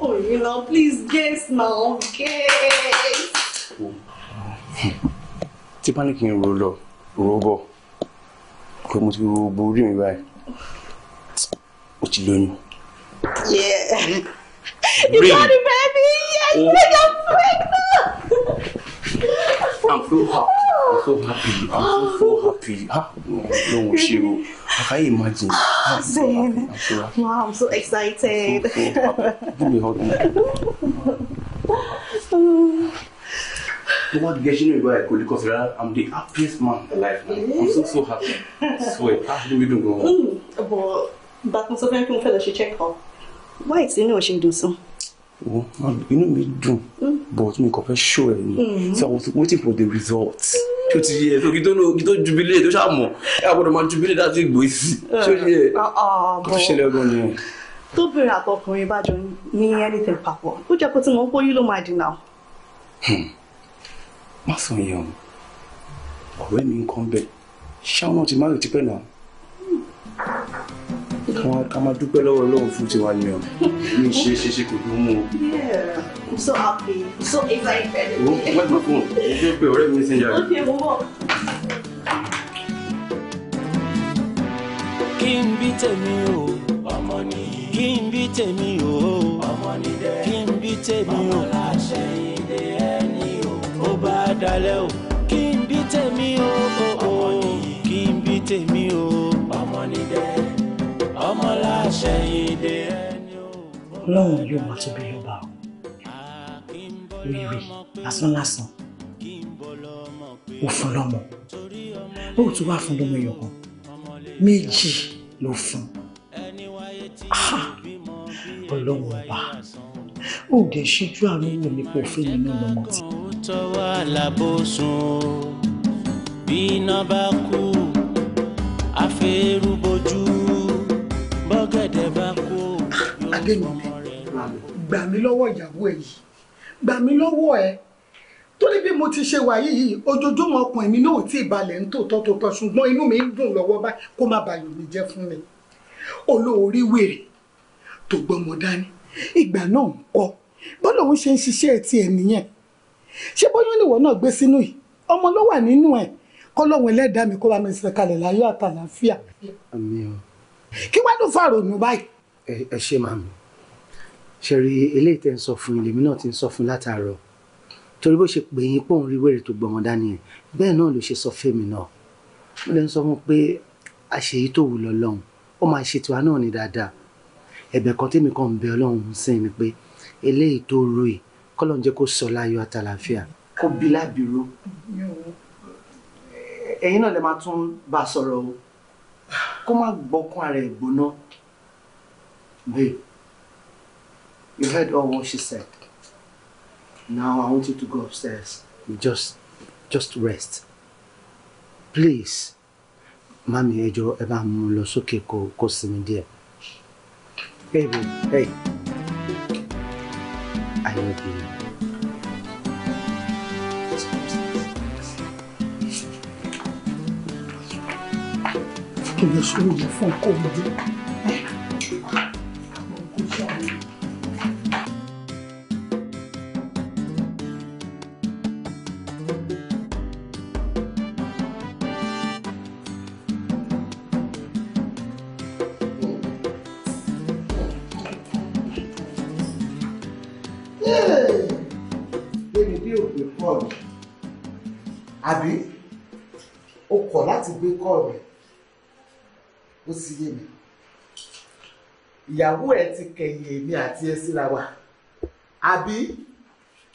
Oh, you know, please guess now guess. Tí bá ní kí n ro lọ, ro bọ̀, pé mo ti ro gbogbo orí mi báyìí, o ti lóyún. Yeah, you really? got it baby, yes, oh. I'm pregnant. I'm so happy. I'm so happy. I'm so, so happy. Ah, no, she. Shiro. I can't imagine. Ah, I'm so happy. so happy. Wow, I'm so excited. So, so happy. Give me a hug. You want to get you know where I could because I'm the happiest man alive now. I'm so so happy. Swear, ah, let me do go. Mm, but, but Mr. Franklin, fellow, she checked her. Why is he know she do so? wo inú mi dùn mm. but mi kò fẹ́ show ẹ ni mm. so i was waiting for the result tí o ti yẹ so kí tó lò kí tó jubilé tó ṣáà mọ̀ ẹ àgbọ̀dọ̀ máa jubilé láti gbé sí tí o ti yẹ kó tó ṣẹlẹ̀ ọgbọ́n ni. tó bèrè àtọkùnrin bá jọ ní anything papọ̀ ó jẹ́ pé tí wọ́n pọ́ yí ló máa dìnnà. Hmm. má sọ yẹn o ọ̀rẹ́ mi ń kọ́ ń bẹ̀ ṣáà náà ti má rè tipẹ́ náà. Hmm ká máa dúpẹ́ lọ́wọ́ Ọlọ́run fún tiwa ni o mi ṣe ṣe ṣe kò tó mú o. I'm so happy so excited. o wẹ́n máa fún ọ mo fẹ́ pe ọ̀rẹ́ mi sẹ́yìn ok mo bọ̀. kí n bí tèmi o ọmọ ni kí n bí tèmi o ọmọ ni kí n bí tèmi o ọmọ làṣẹ ilé ẹni o ó bá dalẹ̀ o kí n bí tèmi o ọmọ ni kí n bí tèmi o ọmọ ni ọmọ láṣẹ ìdè ẹni ò. ọlọ́run yóò máa tóbi lọ́ba o rírì lásánlásán ó fún lọ́mọ ó tún wá fún lọ́mọ èèyàn kan méjì ló fún ọlọ́run ọba ó dẹ̀ ṣíjú àánú wò ní kò fún nínú lọ́mọ tí. bí iná bá kú àfẹ́rù. gbé mi bí gbà mí lọ́wọ́ ìyàwó ẹ yìí gbà mí lọ́wọ́ ẹ torí bí mo ti ṣe wà yìí ojoojúmọ́ ọkùnrin mi náà tí ìbalẹ̀ ń tòótọ́ tó tọ́ ṣùgbọ́n inú mi ń dùn lọ́wọ́ báyìí kó má bàyò mi jẹ́ fún mi olóorí wèrè tó gbọ́mọ dání ìgbà náà ń kọ́ bọ́lá òun ṣe ń ṣiṣẹ́ ti ẹ̀ nìyẹn ṣé bóyá oníwọ̀ náà gbé sínú yìí ọmọ ló wà nínú ẹ̀ kọ́ lọ́wọ́ ẹlẹ́dàá mi kó bá mi sọ kalẹ̀ láyọ̀ àtàlàáfíà kí wàá ló fàrònú báyìí. ẹ ṣe màmí ṣẹ̀rí eléyìí tẹ́ ń sọ fún ilé mi náà ti ń sọ fún látàárọ̀ torí bó ṣe pè yín pòun rí wèrè tó gbọmọ dání yẹn bẹ́ẹ̀ náà ló ṣe sọ fẹ́mi náà mo lè ń sọ fún pé àṣeyí tó wù lọ lọ́hùn ó máa ṣe tiwa náà ní dáadáa ẹ̀bẹ̀ kan tèmi kan ń bẹ ọlọ́run sí ni pé eléyìí tó ro kọ́lọ́n jẹ́ kó sọ láyọ̀ àtàlàfíà kó bí lábìrú ẹ̀yin náà lè máa tún bá a sọ̀rọ̀ o kó má gbọ́kún ara ẹ̀ gbóná You heard all what she said. Now I want you to go upstairs. Just, just rest. Please. Mami, ẹ jọ̀ọ́, ẹ bá mú lọ sókè Baby, hey. I love you. Kí ni sùúrù fún kò mọ̀? láti gbé kọ́ rẹ̀ ó sì yé mi ìyàwó ẹ̀ ti kẹ̀yìn èmi àti ẹ síra wa àbí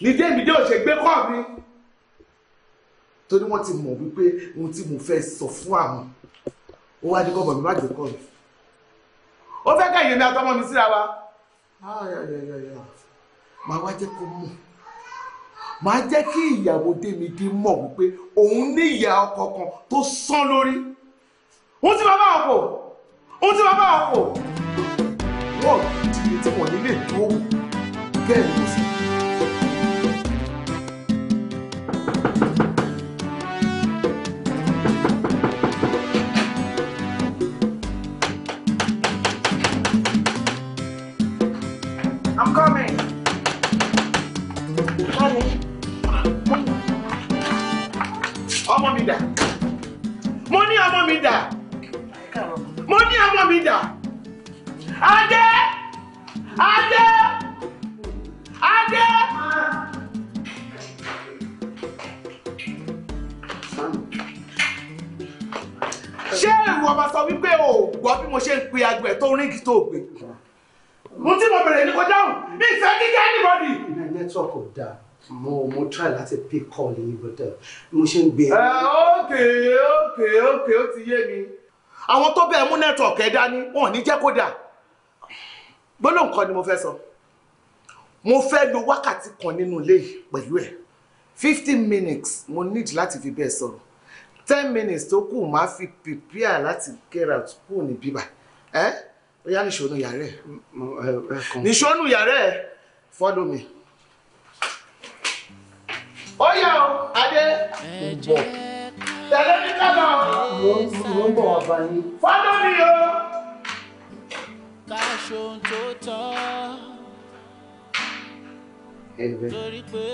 ní dèmídé ò ṣe gbé kọ́ mi torí wọ́n ti mọ̀ wípé ohun tí mo fẹ́ sọ fún àwọn ó wá ní kọ́bọ̀ mi má gbé kọ́ mi ó fẹ́ kẹ̀yìn èmi àtọmọ mi síra wa màá wá jẹ́ kó mọ̀ màá jẹ́ kí ìyàwó tèmi kí mọ̀ wípé òun ní ìyá ọkọ kan tó sán lórí òun ti bàbá ọkọ òun ti bàbá ọkọ wọ́n ti tí wọ́n nílé dúró bẹ́ẹ̀ ni mo sì. try láti pick call yìí bọ́tẹ̀ uh, mo ṣe ń gbé. ẹ ókè ókè ókè ó ti yé mi. àwọn tó bẹ́ẹ̀ mú network ẹ̀ dání wọn ò ní jẹ́ kó dà gbólóhùn kan ni mo fẹ́ sọ mo fẹ́ lo wákàtí kan nínú ilé pẹ̀lú ẹ̀ fifteen minutes mo need láti fi bẹ́ẹ̀ sọ̀rọ̀ ten minutes tó kù máa fi prepare láti get out kù ní bíbà ẹ́ ó yá nìṣó nu yàrá ẹ̀ nìṣó nu yàrá ẹ̀ follow me ó yà ó adé bọ̀ tẹ̀lé mi kánà. mo ń bọ̀ wá yín. fọ́dọ̀ mi o. ká ṣohun tó tọ́. torí pé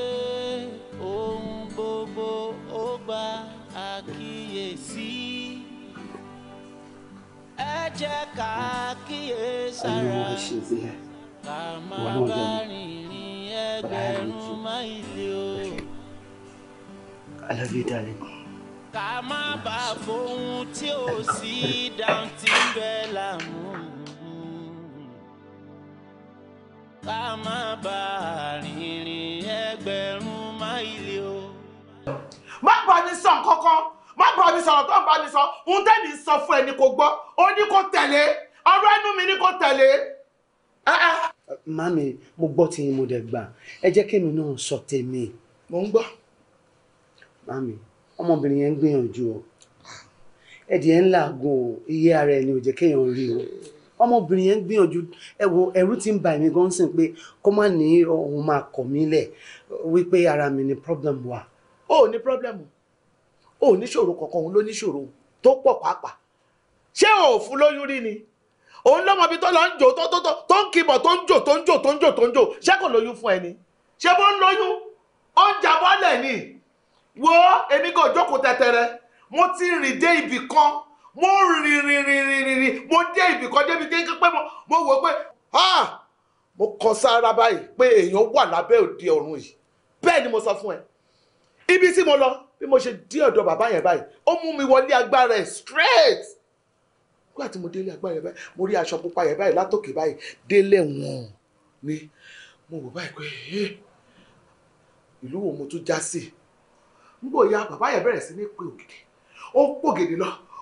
ohun gbogbo ó gba àkíyèsí ẹ jẹ́ ká má bá rìnrìn ẹgbẹ̀rún máìlì o. I love you, darling. Ká má bàa fohun tí ò sí dáhùn tí ń bẹ láàmú. Ká má bàa rìnrìn ẹgbẹ̀rún máìlì o. Má bá mi sọ kankan, má bá mi sọ̀rọ̀ tó ń bá mi sọ, ohun tẹ́mi sọ fún ẹni kò gbọ́, ó ní kó tẹ̀lé, ọ̀rọ̀ ẹnu mi ní kó tẹ̀lé. Mami, mo gbọ́ tí mo dẹ̀ gbà, ẹ jẹ́ kémi náà sọ tèmi. Mo ń gbọ́ mami ọmọbìnrin yẹn ń gbìyànjú o ẹdìẹ ń làágùn o iye ara ẹni ò jẹ́ kéèyàn rí o ọmọbìnrin yẹn ń gbìyànjú ẹwọ ẹ̀rù ti ń bà mí gan sìn pé kó má ní òun máa kọ̀ mí lẹ̀ wípé ara mi ni problem wà ó ní problem ó níṣòro kọ̀ọ̀kan òun ló níṣòro tó pọ̀ pàápàá ṣé òfun lóyún rí ni òun lọ́mọ ibi tó lọ ń jò tó tó tó tó ń kìbọ̀ tó ń jò tó ń jò tó ń jò tó ń jò ṣé kò lóyún fún ẹni ṣé bó ń lóyún ó ń jàbọ́lẹ̀ ni wo èmi kò jókòó tẹ̀tẹ̀rẹ̀ mo ti rìn dé ibì kan mo rìn rìn rìn rìn rìn mo dé ibì kan débi dé pé mo wò pé mo kọ sára báyìí pé èèyàn wà lábẹ́ òde ọ̀run yìí bẹ́ẹ̀ ni mo sọ fún ẹ ibi tí mo lọ bí mo ṣe dé ọ̀dọ̀ bàbá yẹn báyìí ó mú mi wọlé agbára ẹ̀ straight nígbà tí mo délé agbára yẹn báyìí mo rí aṣọ pupa yẹn báyìí látòkè báyìí délé wọn ni mo wò báyìí pé ìlú wo mo tún já sí nígbò ya bàbá ya bẹ̀rẹ̀ sí ní pé ògèdè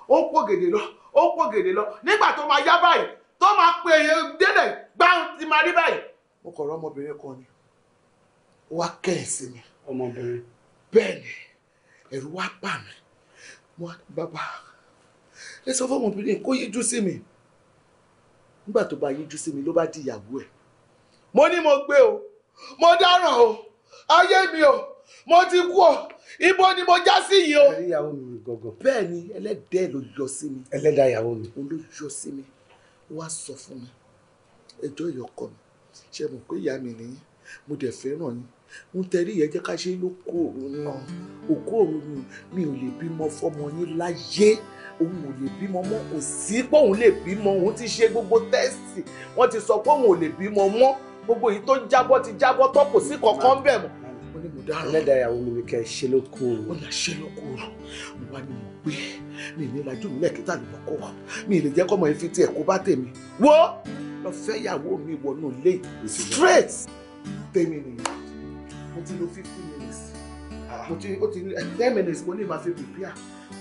ó ń lọ lọ lọ nígbà tó máa ya báyìí tó máa pe délẹ̀ gbáhùn ti máa rí báyìí. mo kọ̀ kan ni wá kẹ́yìn mi. ọmọbìnrin. bẹ́ẹ̀ ni ẹ̀rù wá bà mí bàbá ẹ fún ọmọbìnrin kó yíjú sí mi nígbà tó bá yíjú mi ló bá di ìyàwó mo ti kú o ibo ni mo já sí yìí o. ẹ̀rí ìyàwó mi gọ̀gọ̀. bẹ́ẹ̀ ni ẹlẹ́dẹ̀ ló yọ sí mi. ẹlẹ́dà ìyàwó mi. o ló yọ sí mi wá sọ fún mi ẹjọ́ ìyọkọ mi ṣe mọ̀ pé ìyá mi nìyí mo dẹ̀ fẹ́ràn yín ń tẹrí yẹn jẹ́ ká ṣe ló kó òun náà òkú òun ni mi ò lè bímọ fọmọ yín láyé òun ò lè bímọ mọ́ kò sí pé òun lè bímọ òun ti ṣe gbogbo tẹ́sì wọ́n ti sọ pé òun ò lè bímọ mọ́ gbogbo èyí tó ń jábọ́ ti jábọ́ tó kò sí kankan bẹ̀ mọ́ mo ní mo dáràn. lẹ́dàá ìyàwó mi ni kẹ́ ẹ ṣe lóko oru. ó yà ṣe lóko oru mo wá ní mo gbé mi ní lajú mi lẹ́kẹ̀ẹ́ta lùbọ̀ kọ́ wa mi lè jẹ́ kọ́mọ ife tí ẹ̀ kó bá tèmi wó lọ fẹ́ ìyàwó mi wọnú ilé straight tèmi nìyẹn mo ti lo fifteen minutes ah. mo ti o ti eh, ten minutes mo ní ma fi prepare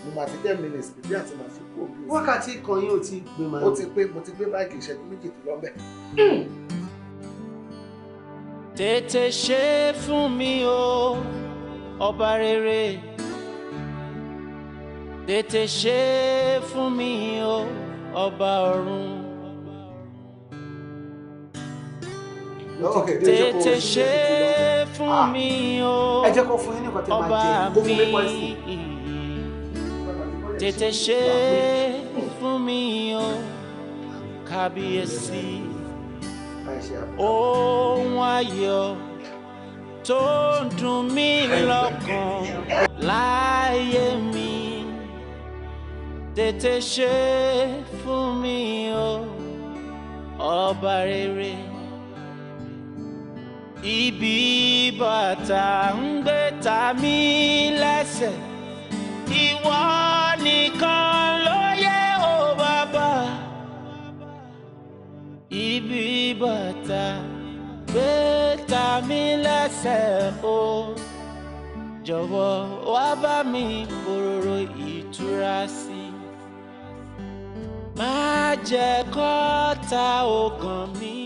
mo ma fi ten minutes prepare ti ma fi kó o bí. wákàtí kan yín ò ti gbé ma. ó ti pé mo ti gbé báàgì ìṣẹ́jú méjì tó lọ bẹ́ẹ̀. Hmm tètè ṣe fún mi o ọba rere tètè ṣe fún mi o ọba ọ̀run. tètè ṣe ah! fún mi o ọba mi tètè ṣe fún mi o kábíyèsí ohun ayọ̀ tó ń dùn mí lọ́kàn láyé mi tètè ṣe fún mi o ọba rere ibi bàtà ń gbé ta mí lẹ́sẹ̀ ìwọ nìkan. ibi bàtà gbé ta mí lẹ́sẹ̀ o jọ̀wọ́ wá bá mi òróró ìtura sí má jẹ́ kọ́ta ogun mi.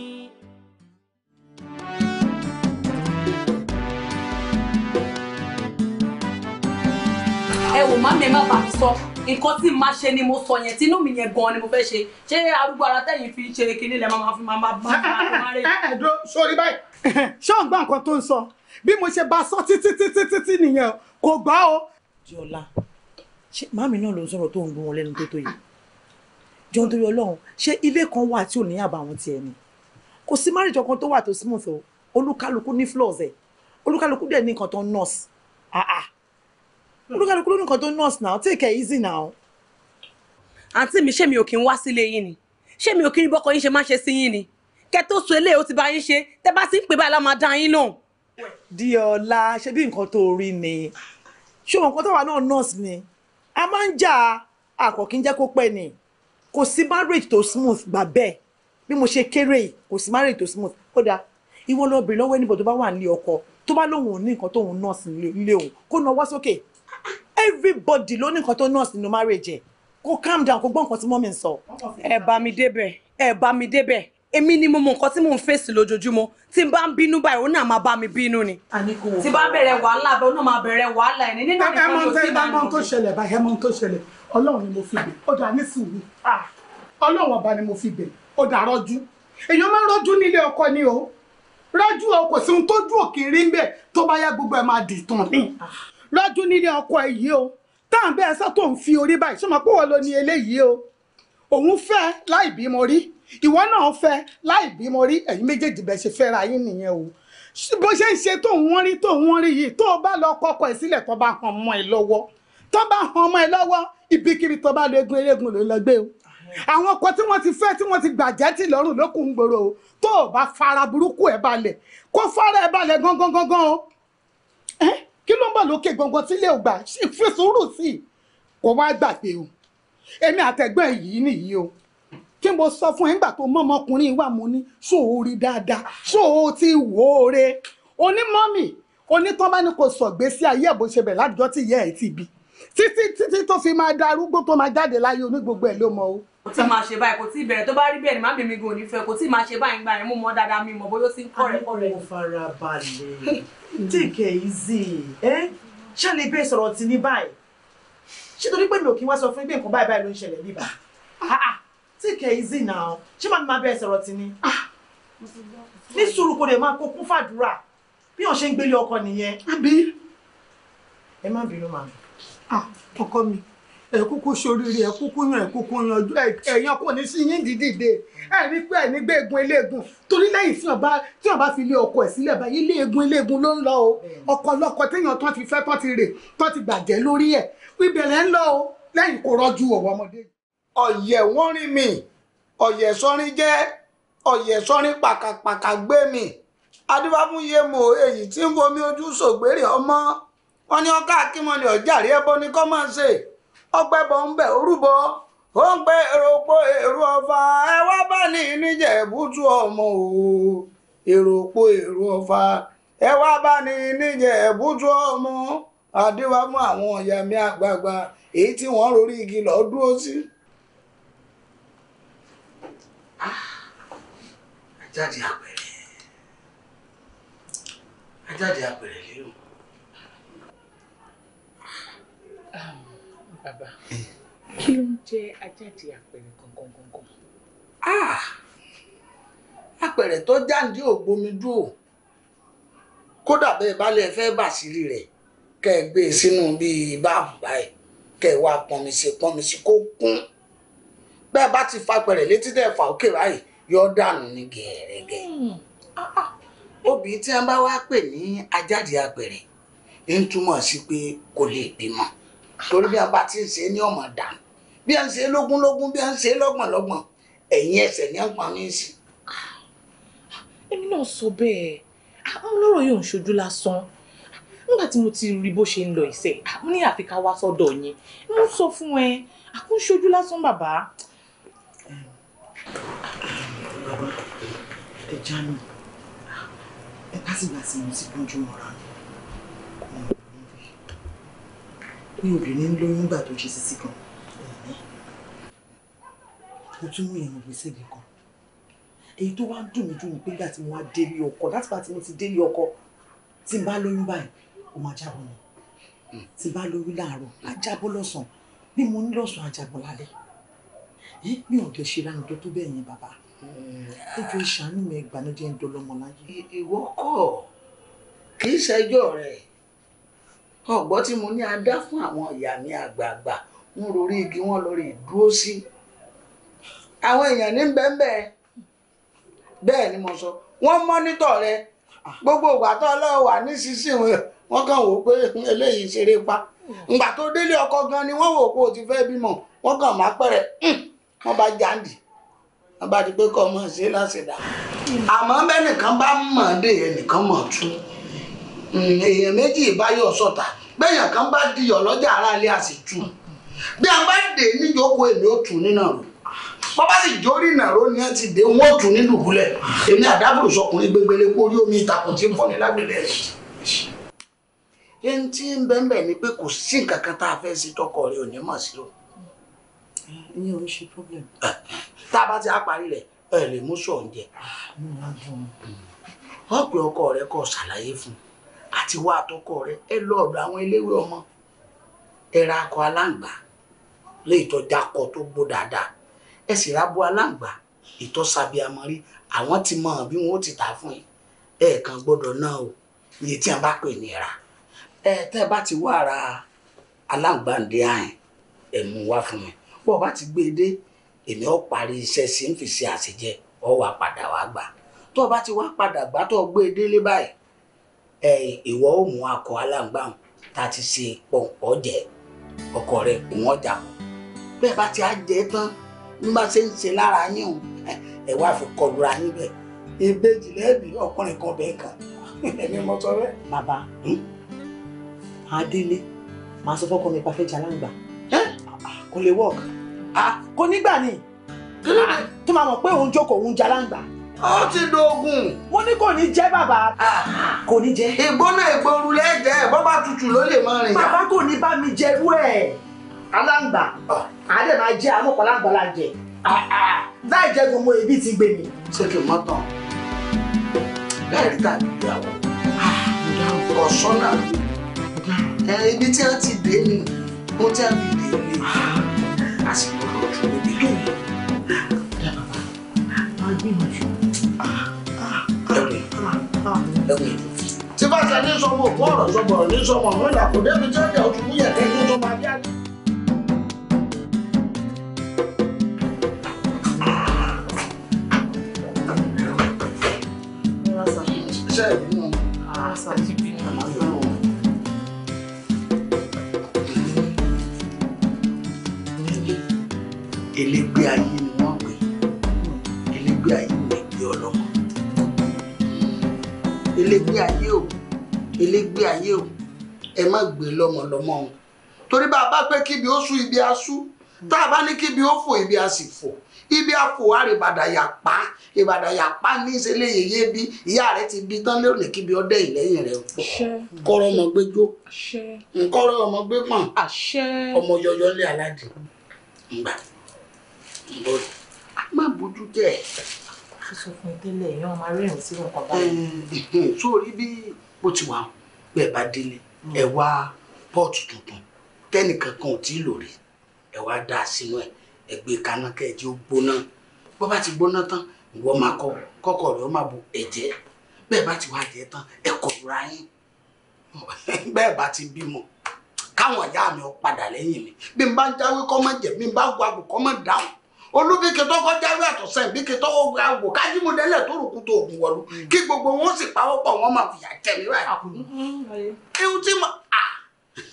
ẹ wò má mi má bàa sọ nǹkan tí màá ṣe ni mo sọ yẹn tínú mi yẹn gan ni mo fẹ́ ṣe ṣé arúgbó ara tẹ̀yìn fi ṣe kinní lẹ́ máa fi máa máa bá máa rẹ̀. ẹ ẹ dúró sórí báyìí. ṣé ò ń gbọ́ nǹkan tó ń sọ bí mo ṣe bá sọ títí títí títí nìyẹn kò gbọ́ o. jọlá ṣe màmí náà ló ń sọ̀rọ̀ tó ń gbọ́ wọn lẹ́nu tó tó yìí jọ nítorí ọlọ́run ṣé ilé kan wà tí ò ní àbàwọn tiẹ̀ ni kò sí márìjọ kan tó wà tó smooth o olúkálukú ní flaws ẹ̀ olúkálukú dẹ̀ ní nǹkan tó ń nọ́ọ̀sì olúkálukú ló ní tó nurse now take it easy now. àǹtí mi ṣé mi ò kí ń wá sílé yín ni ṣé mi ò kí ń bọ́kọ yín ṣe má ṣe sí yín ni kẹ tó so eléyìí ó ti bá yín ṣe tẹ bá ti ń pè báyìí láwọn máa dá yín lóhùn. di ṣe bí nǹkan tó rí ni ṣé òun kan táwa náà nurse ni a máa ń jà àkọ́kíńjẹ́ kó pẹ́ ni kò sí marriage tó smooth gbà bẹ́ẹ̀ bí mo ṣe kéré kò sí marriage tó smooth kódà ìwọ lọ bèrè lọ́wọ́ ẹnìbọ̀ tó bá wà nílé ọkọ tó bá lóun ò ní nǹkan tóun nọ́ọ̀sì nílé òun kó nawọ́ sókè everybody ló ní nǹkan tó nọ́ọ̀sì nínú marriage ẹ̀ kó calm down kó gbọ́ nǹkan tí mọ́mí ń sọ. ẹ bá mi débẹ̀ ẹ bá mi débẹ̀ èmi ni mo mọ nǹkan tí mò ń fèsì lójoojúmọ́ tí n bá ń bínú báyìí òun náà máa bá mi bínú ni. tí bá bẹ̀rẹ̀ wàhálà bẹ́ẹ̀ òun náà máa bẹ̀rẹ̀ wàhálà ẹ̀ nínú ìdíje tó ti bá mi. ẹ mọ tó ṣẹlẹ̀ báyìí ẹ mọ tó ṣẹlẹ̀ ọlọ́run ni mo fi bẹ̀ ó dà ah. ọlọ́run ọba ni mo fi bẹ̀ ó dà rọ́jú èèyàn máa rọ́jú nílé ọkọ ni o rọ́jú o kò sí ohun tójú òkè rí ń bẹ̀ tó bá yá gbogbo ẹ̀ máa dì tán ni. Ah lọ́dún nílé ọkọ ẹ̀ yìí o táwọn bẹ́ẹ̀ sọ tó ń fi orí báyìí sọmọ pé wọ́n ló ní eléyìí o òun fẹ́ láì bímọ rí ìwọ náà fẹ́ láì bímọ rí ẹ̀yin méjèèjì bẹ́ẹ̀ ṣe fẹ́ra yín nìyẹn o bó ṣe ń ṣe tó ń wọ́n rí tó ń wọ́n rí yìí tó o bá lọ kọ́kọ́ ẹ̀ sílẹ̀ tó bá hàn ọmọ ẹ̀ lọ́wọ́ tó bá hàn ọmọ ẹ̀ lọ́wọ́ ibikíbi tó bá lo egun elégun ló lọ gbé o àwọn ọkọ tí wọ́n ti fẹ́ tí wọ́n ti gbàjẹ́ tì lọ́rùn lókùn gbòòrò o tó o bá fara burúkú ẹ̀ balẹ̀ kó fara ẹ̀ balẹ̀ gangan gangan o kí ló ń bọ̀ lókè gangan sílé ògbà sì fi sùúrù sí i kò wá gbàgbé o èmi àtẹ̀gbọ́n yìí nìyí o kí mo sọ fún ẹ nígbà tó mọ ọmọkùnrin wa mo ní ṣòórí dáadáa ṣòó ti wóore onímọ́mì onítàn bá ní kò sọ̀gbé sí ayé ẹ̀ bó ṣe bẹ̀ lájọ́ tí ìyá ẹ̀ ti bí títí títí tó fi máa darúgbó tó máa jáde láyé onígbogbo ẹ̀ ló mọ o kò tí máa ṣe báyìí kò tí ìbẹ̀rẹ̀ tó bá rí bẹ́ẹ̀ ni má bèmí gan onífẹ́ kò tí máa ṣe báyìí gbà yẹn mú mọ́ dáadáa mi mọ̀ bóyá ó ti ń kọ́ rẹ̀ kọ́ rẹ̀. mo fara balẹ̀ take it easy ẹ ṣé lè bẹ́ẹ̀ sọ̀rọ̀ ti ní báyìí ṣé torí pé mi ò kí wá sọ fún pé nǹkan báyìí báyìí ló ń ṣẹlẹ̀ níbà ah, ah, take it easy now ṣé màmí máa bẹ́ẹ̀ sọ̀rọ̀ ti ní. Ah, ní sùúrù kò lè máa kó kún fàdúrà bí wọ́n ṣe ń gbélé ọkọ nìyẹn. àbí ẹ má bínú màmí. ọkọ mi ẹ kúkú ṣoríire ẹ kúkú yan ẹ kúkú yanjú ẹyàn kò ní sí yín dídìde ẹ rí pé ẹni gbé egun eléegun torí lẹ́yìn tí wọn tí wọn fi lé ọkọ ẹ sílẹ̀ báyìí ilé egun eléegun ló ń lọ o ọkọ lọkọ téèyàn tán ti fẹ́ tán ti rè tán ti gbàjẹ́ lórí ẹ ìbẹ̀rẹ̀ ń lọ o lẹ́yìn kò rọjú ọwọ ọmọdé. ọ̀yẹ̀ wọ́n rí mi ọ̀yẹ̀ sọ́rin jẹ́ ọ̀yẹ̀ sọ́rin pàkàpàkà gbé mi adébáfúnyé èyí tí ni ọkọ ọgbẹ́ bọ̀ ń bẹ̀ orúbọ ó ń èrò po èrò ọ̀fà ẹ wá bá ní níjẹ̀bútú ọmọ o èrò po èrò ọ̀fà ẹ wá bá ní níjẹ̀bútú ọmọ adéwà fún àwọn ọ̀yà mi àgbààgbà èyí tí wọ́n rorí igi lọ dúró sí. ajáde ah, àpẹẹrẹ ajáde àpẹẹrẹ lérò. Ah. Bàbá, kí ló ń jẹ́ ajáde àpẹẹrẹ gangan Ah! Àpẹẹrẹ tó jáde ò gbomi dúró. Kódà bẹ́ẹ̀ balẹ̀ fẹ́ bàṣírí rẹ̀ kẹ́ ẹ gbé e sínú bíi báàbù báyìí kẹ́ ẹ wá pọnmi sí pọnmi sí kó kún. Bẹ́ẹ̀ bá ti fa pẹ̀rẹ̀ létí dẹ̀ fà òkè báyìí yọ dànù ní gẹ̀ẹ́rẹ́gẹ́. Hmm, ah, ah. Obì tí wọ́n bá wá pè ní ajáde àpẹẹrẹ ń túmọ̀ sí pé kò lè bímọ torí bí a bá ti ń ṣe ní ọmọ dànù bí a ń ṣe lógún lógún bí a ń ṣe lọ́gbọ̀n lọ́gbọ̀n ẹ̀yìn ẹsẹ̀ ní ọ̀pọ̀ ní í sí. èmi náà sọ bẹ́ẹ̀ àwọn lọ́rọ̀ yóò ń ṣojú lásán nígbà tí mo ti rí bó ṣe ń lọ ìṣe mo ní àfi ká wá sọ́dọ̀ yín mo sọ fún ẹ àkó ń ṣojú lásán bàbá. bàbá ẹ já mi ẹ bá sì gbà sí mo ti gbọ́njú mọ́ra mi. pé obìnrin ń lóyún gbà tó ń ṣe sísí kan òní mo tún mú ìyẹn mo gbèsè mi kan èyí tó wá ń dùn mí jù ní pé nígbà tí mo wá délé ọkọ láti bá tí mo ti délé ọkọ tí n bá lóyún báyìí ó máa jábọ́ mi tí n bá lóyún láàárọ̀ á jábọ́ lọ́sàn bí mo ní lọ́sàn á jábọ́ lálẹ́ mi ò dẹ̀ ṣe lánàá tó tó bẹ́ẹ̀ yẹn bàbá ẹjọ́ ìṣàánú mi ẹgbàá ń dolọ́mọ láyé. ìwọ kì í ṣẹjọ́ rẹ̀ ọ̀gbọ́n tí mo ní a dá fún àwọn ìyá mi àgbààgbà ń rorí igi wọn lórí ìdúró sí àwọn èèyàn ní bẹ́ẹ̀ bẹ́ẹ̀ ni mo sọ wọ́n mọ́nítọ̀ rẹ gbogbo ìgbà tó ọlọ́wọ́ wà nísinsìnyí wọ́n kàn wò pé eléyìí ṣeré pa ìgbà tó délé ọkọ gan ni wọ́n wò pé o ti fẹ́ bímọ wọ́n kàn má pẹ̀rẹ̀ wọ́n bá jáǹdì wọ́n bá ti pé kọ́ ọmọ ṣe láṣẹ̀dá àmọ́ bẹ́ẹ̀ nìkan bá mọ̀ ọ́n dè ẹnìkan mọ̀ ọ́n tún. Mm-hmm. èèyàn méjì ìbáyọ̀ sọ̀tà bẹ́ẹ̀yàn kan bá diyọ̀ lọ́jà ara àsì tù bí a bá dè níjókòó èmi ó tù nínà rò bọ́bá sì jórí ìnàró ni wọ́n ti dé wọ́n ó tù nínú ìbúlẹ̀ èmi àdábòrò sọkùnrin gbẹgbẹlẹ kó rí omi ìtàkùn tí ń fọ́ni lágbèlè rẹ̀ ẹni tí ń bẹ́ẹ̀ bẹ́ẹ̀ ni pé kò sí nǹkan kan tá a fẹ́ sí tọkọ rẹ ò ní mọ̀ sí o. ìyẹn ò ń ṣe problem. tá a bá ti á parí rẹ ẹ lè mú sọ̀ǹjẹ. Ah, ọ̀pẹ ọkọ rẹ kò ṣàlàyé fún un àti wá àtọkọ rẹ ẹ lọ ọ̀dọ̀ àwọn eléwé ọmọ ẹ ra akọ aláǹgbá lé ìtọjà tó gbó dáadáa ẹ sì ra bo aláǹgbá ìtọ́sàbí amọ̀rí àwọn ti mọ bí wọn ó ti tà fún yín ẹ̀ẹ̀kan gbọ́dọ̀ náà o iye tí a bá pè ní ra ẹ tẹ́ ẹ bá ti wá ara aláǹgbàǹde àyìn ẹ mú wá fún mi bó o bá ti gbé e dé èmi ó parí iṣẹ́ sí ń fi ṣe àṣejẹ ọ wà padà wá gbà tó o bá ti wá padà gbà tó o gbé e délé báyìí ìwọ ụmụ akọ aláǹgbàmù ta a ti ṣe pọ̀npọ̀ jẹ ọkọ rẹ òun ọjà mọ́ bẹ́ẹ̀ bá ti á jẹ tán bí bá ṣe ń ṣe lára yín o ẹ wá fi kọlura yín bẹ́ẹ̀ ìbejì lẹ́ẹ̀bì ọkùnrin kan bẹ́ẹ̀ kan èmi mo sọ bẹ́ẹ̀. bàbá hm? adélé màá sọ fọkọ mi pàfẹ́ jalangba kò lè wọ́ọ̀kì ah, kò nígbà ni tó ah, máa mọ̀ pé òun jókòó òun jalangba. ó ti dogun. wọ́n ní kò ní jẹ́ bàbá. Ah. kò ní jẹ́. ìgbóná ìgbóoru lẹ́jẹ̀ bó bá tutù ló lè máa rìn. bàbá kò ní bá mi jẹrú ẹ̀. aláǹgbà àádẹ́ ah. máa jẹ́ amúpalágbà la jẹ. Ah, láì jẹ́ gbogbo ibi ti gbé mi. ṣé kí n mọ́ tán láì rí tàbí ìyàwó ọ̀ṣọ́nà ibi tí a ti dé ni mo tí a fi dé ni àsìkò lọ́jọ́ ibi tó yẹ. Bàbá máa gbìyànjú ẹ̀wọ̀n tí bá ṣe ní sọmọ òkú ọ̀rọ̀ sọmọ ní sọmọ ọ̀rọ̀ ìlàkó débi tí ọjà oṣù mú yẹ̀kẹ́ tó tó máa yá. ṣe é bínú. ṣe ẹ má gbé lọ́mọlọ́mọ o torí bá a bá pẹ́ kíbi ó sú ibi asú tá a bá ní kíbi ó fò ibi a sì fò ibi afò àrèbàdàyà pa ìbàdàyà pa ní ìṣẹ̀lẹ̀ yèyé bí ìyá rẹ ti bí tán lónìí kíbi ọdẹ ìlẹ́yìn rẹ pọ kọrọ ọmọ gbé jó nkọrọ ọmọ gbé pọn ọmọ yọyọ lé aládì ngbà ngbọ má bójú jẹ. sísọ fún ìdílé èèyàn máa rẹ́rìn sí nǹkan báyìí. sórí bí bó ti wà bẹ́ẹ̀ bá délé ẹ wá pọ́ọ̀tù tuntun tẹ́nìkan kan ò tí ì lò rí ẹ wá dá a sínú ẹ ẹ gbé kaná kẹjẹ ó gbóná bó bá ti gbóná tán ìwọ máa kọ kọkọ rẹ ó máa bu ẹ̀jẹ̀ bẹ́ẹ̀ bá ti wá jẹ tán ẹ kò ra yín bẹ́ẹ̀ bá ti bímọ káwọn ìyá mi ó padà lẹ́yìn mi bí n bá ń jáwé kọ́ mọ́ jẹ bí n bá gbọ́ àgùkọ́ mọ́ dáhùn olúbíkẹ tọkọ jáwé àtọsẹ ìbíkẹ tọwọ àwò kájímọdélẹ tó rùkú tó ògùn wọlú mm. kí gbogbo wọn sì pawọ́ pọ̀ wọn máa fìyà jẹ báyìí. Mm-hmm. Mm-hmm. tí mo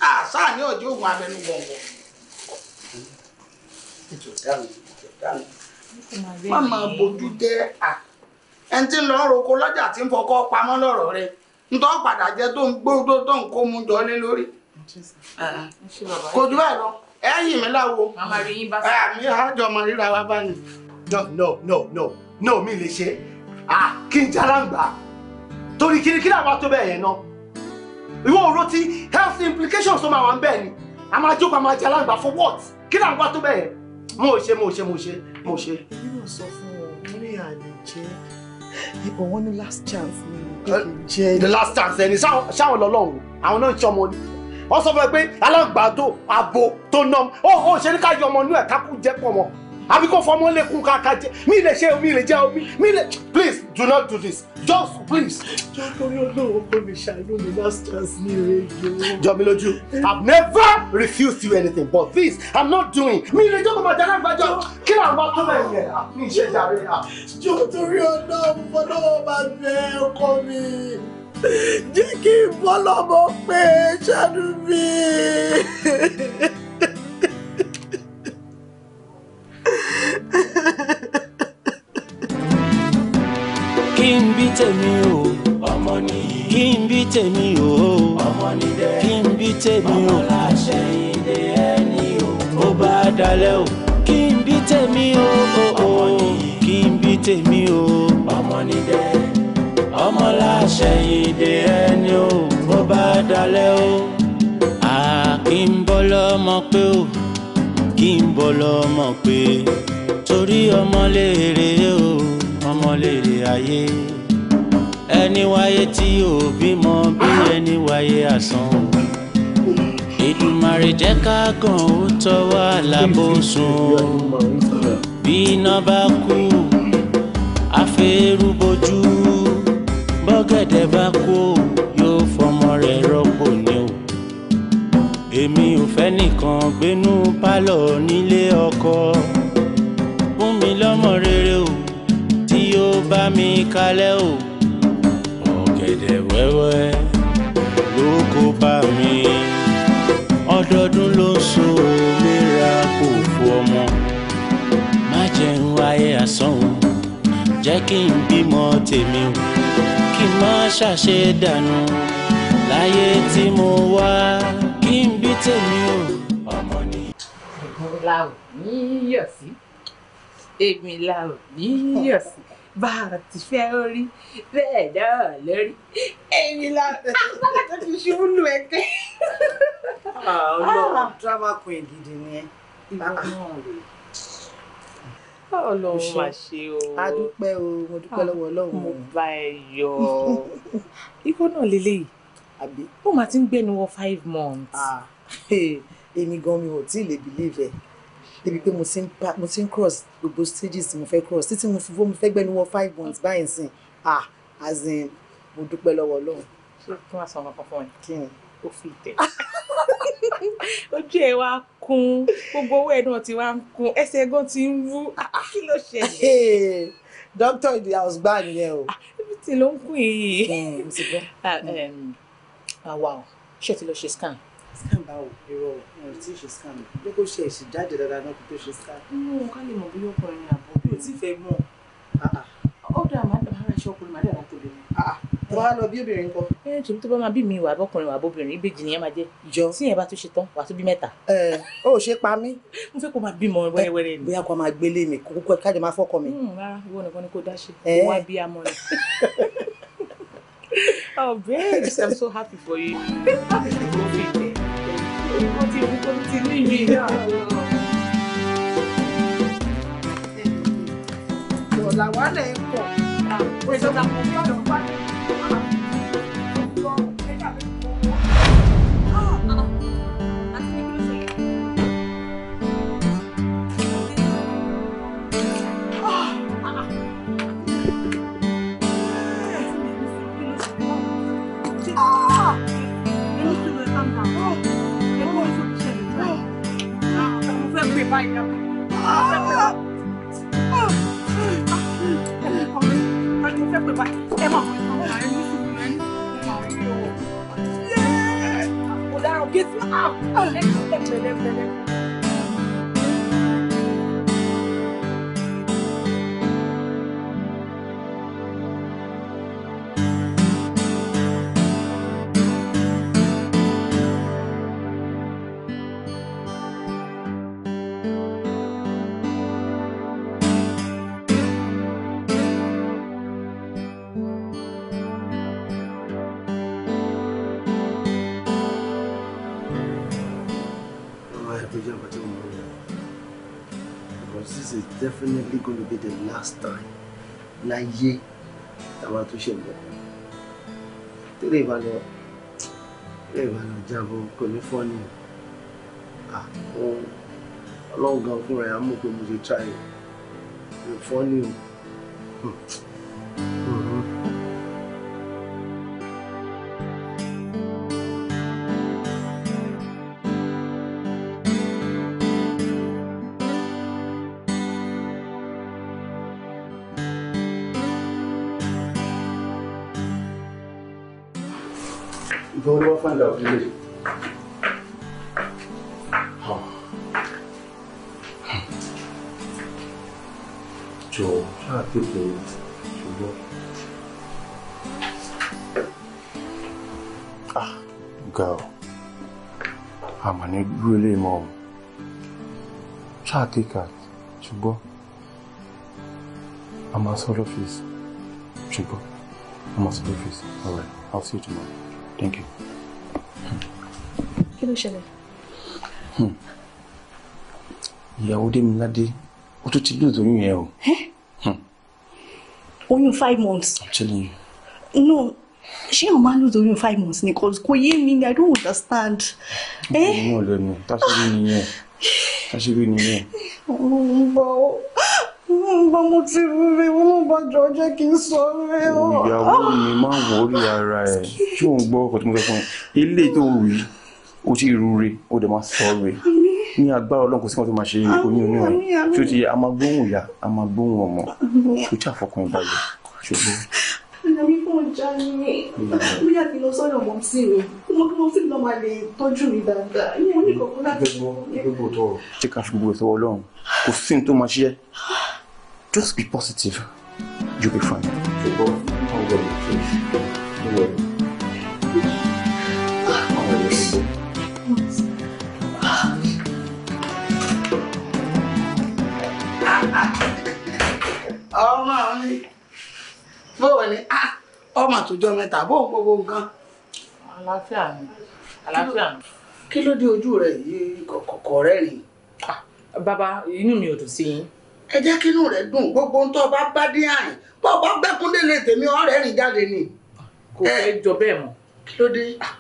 à sáà ní ọjọ́ abẹnú máa bójú dé à tí ń lọ roko lọ́jà tí ń fọkọ́ pamọ́ lọ́rọ̀ padà jẹ́ tó mu jọ lé lórí. ẹ̀yìn mi láwo. màmá rí yín bá sọ. àmì àjọ ọmọ ríra wa bá ní. no no no no mi lè ṣe ah kí n jalangba torí kí ni kí làwọn tó bẹ́ẹ̀ yẹn náà ìwọ òró ti health implications tó máa wà ń bẹ́ẹ̀ ni a máa jókòó a máa jalangba for what kí làwọn tó bẹ́ẹ̀ yẹn mo ò ṣe mo ò ṣe mo ò ṣe mo ṣe. nínú sọ fún ọ mo ní àlè wọn ní last chance ni the last chance ẹni sáwọn lọlọrun àwọn náà ń ṣọmọ ni wọ́n sọ fún ẹ pé alágbàdo abo tó nà ó ó ṣe ní ká yọ ọmọ inú ẹ̀ kákú jẹ́ pọ̀ mọ́ àbí kó fọmọ lẹ́kùn káka jẹ mi lè ṣe omi lè jẹ omi mi lè please do not do this just please. jọ́kọ́rí olóòwò kò lè ṣàánú last chance ní rédíò. jọ mi lójú I've never refused you anything but this I'm not doing mi lè jọ́ bàbá jẹ́rẹ́ gbàjọ́ kí làwọn bá tó bẹ̀rẹ̀ yẹn mi ṣe jàre. jọ́kọ́rí olóòwò fọlọ́wọ́ bá bẹ ọkọ mi jẹ́ kí n fọlọ́mọ pé e ṣáájú mi. kí n bí tèmi o ọmọ nìyí kí n bí tèmi o ọmọ nílẹ̀ kí n bí tèmi o ọmọ làṣẹ ilé ẹni o ó bá dalẹ̀ o kí n bí tèmi o ọmọ nìyí kí n bí tèmi o ọmọ nílẹ̀ ọmọláṣẹ ìdè ẹni o bó bá dalẹ̀ o kí n bọ́ lọ́mọ pé o kí n bọ́ lọ́mọ pé torí ọmọ o ọmọ ayé ẹni wáyé tí ò bímọ bí ẹni wáyé àsán o ìdùnmàrè jẹ́ ká kàn ó tọ́wọ́ alábòsùn bí iná bá kú àfẹ́rú bojú tọ́gẹ̀dẹ̀ bá kú yóò fọmọ rẹ̀ rọ́pò ni o èmi ò fẹ́ nìkan gbénú pálọ̀ nílé ọkọ fún mi lọ́mọ rere o tí yóò bá mi kalẹ̀ o ọ̀gẹ̀dẹ̀ wẹ́wẹ́ ló kó bá mi ọdọọdún ló ń so léra kò fu ọmọ má jẹun ayé àsán o jẹ́ kí n bímọ tèmi o kí n má ṣàṣe dànù láyé tí mo wá kí n bí tèmi ò ọmọ ni. la ò ní yọ̀ sí èmi la ò ní yọ̀ sí bá a ti fẹ́ orí bẹ́ẹ̀ náà lórí èmi la tó ti ṣubú lu ẹgbẹ́. ọlọ́run ah, drama queen gidi ni ẹ. Ọlọ́run máa ṣe o adúpẹ́ o mo dúpẹ́ lọ́wọ́ ah, Ọlọ́run mo bá ẹ yọ ikú náà lélẹyìí àbí ó máa ti ń gbẹnu wọ five months. Ah. èmi gan mi ò tí ì lè believe ẹ débi pé mo ti ń cross gbogbo stages tí mo fẹ́ cross títí mo fi bó mo fẹ́ gbẹnu wọ five months báyìí sìn ah as in mo dúpẹ́ lọ́wọ́ Ọlọ́run. ṣé kí wọ́n á sọ ọmọ kan fún ẹ kí ni ó fi tẹ̀. ojú ẹ wá kún gbogbo owó ẹ náà ti wá ń kún ẹsẹ̀ gan ti ń wú kí ló ṣẹlẹ̀. doctor in the house gbá nìyẹn o. ti ah, ló ń kún yìí. àwa ah, hmm. ah, o ṣé ti lọ ṣe scan. scan báwo irọ́ wọn ò tí ì ṣe scan bí kò ṣe èsì jáde dáadáa náà kó tó ṣe scan. inú wọn ká lè mọ bí ọkùnrin àbọ̀ bí ò tí ì fẹ́ mọ̀. ọ̀dọ̀ àmàdàn ara ṣe ọkùnrin màdàrà tóbi ni wàá lọ bí obìnrin kan. ẹ tòun tó bá máa bí mi wà bọkùnrin wà bóbìnrin ìbejì nìyẹn máa jẹ jọ tí yẹn bá tún ṣe tán wà tún bí mẹ́ta. ẹ ó ṣe pa mí. mo fẹ́ kó máa bímọ wẹ́rẹ́wẹ́rẹ́ ni. bóyá kó máa gbélé mi kó kó kájọ máa fọ́kọ mi. Hmm, rárá ìwọ nìkan ni kò dá ṣe wá bí amọ ni. oh babe i'm so happy for you. ó ti ní kó ti ní ìyí náà. ọ̀làwálẹ̀ ń pọ̀. Ah, probably going to be the last time láyé táwa tó ṣe mọ́ tẹ́lẹ̀ ìbá lọ tẹ́lẹ̀ ìbá lọ jábọ̀ kò ní fọ́ọ̀nì àwọn ọlọ́run gan fúnra ẹ̀ á mọ̀ pé mo ṣe try ẹ̀ fọ́ọ̀nì o. Hmm. Go to find out village. ṣáà tètè ṣùgbọ́n. Ah, ga ọ̀, àmà ní dúró ṣùgbọ́n. I'm outside of office. Chico, I'm outside of office. All right, I'll see you tomorrow. Thank you. Kí ló ṣẹlẹ̀? Hmm. Ìyàwó Démiládé, ó tún ti lóòótọ́ oyún yẹn o. Hmm. Oyún five months. I'm telling you. No, ṣé àwọn máa ń oyún five months ni? Kò yé mi ni, I don't understand. Ìyẹn ò lẹ́nu, táṣírí nìyẹn. Ah. Táṣírí nìyẹn. Mo ń bọ̀ bá mo ti rí ọlọ́run bá jọ jẹ́ kí n sọ rí o. ìyàwó mi máa wọ orí ara ẹ tí òun gbọ́ ọkọ̀ tí mo fẹ́ fún un ilé tó rí o ti rú re o dẹ̀ máa sọ re ní agbára ọlọ́run kò sí kan tó máa ṣe oyún inú ẹ tí ó ti a máa gbóhùn ìyá a máa gbóhùn ọmọ kò tí àfọkàn ìbàlẹ̀ ṣùgbọ́n. ìyàwó ìfọ̀n já ní bóyá kí n lọ sọ́dọ̀ mọ́ sí mi kí wọ́n sì máa lè tọ́jú mi dáadáa ní oníkọ̀ọ́kọ́ láti. gbogbo tó ṣe ká fi gbogbo ìṣọwọ́ ọlọ́run kò sí ní tó máa ṣiṣẹ́ Just be positive. You'll be fine. ọmọ mi bóò ni ah, ọmọ àtòjọ mẹ́ta bóò ń gbogbo nǹkan. àlàáfíà mi àlàáfíà mi. kí ló dé ojú rẹ yìí kọkọ rẹ rìn. Ah, bàbá inú mi ò dùn sí yín ẹ jẹ́ kínú rẹ̀ dùn gbogbo ń tọ́ bá bá dé àyìn bọ́ bá gbẹ́kún délé tèmi ọ̀rẹ́ rìn jáde ni. kò fẹ́ jọ bẹ́ẹ̀ mọ́ kí ló dé. Ah,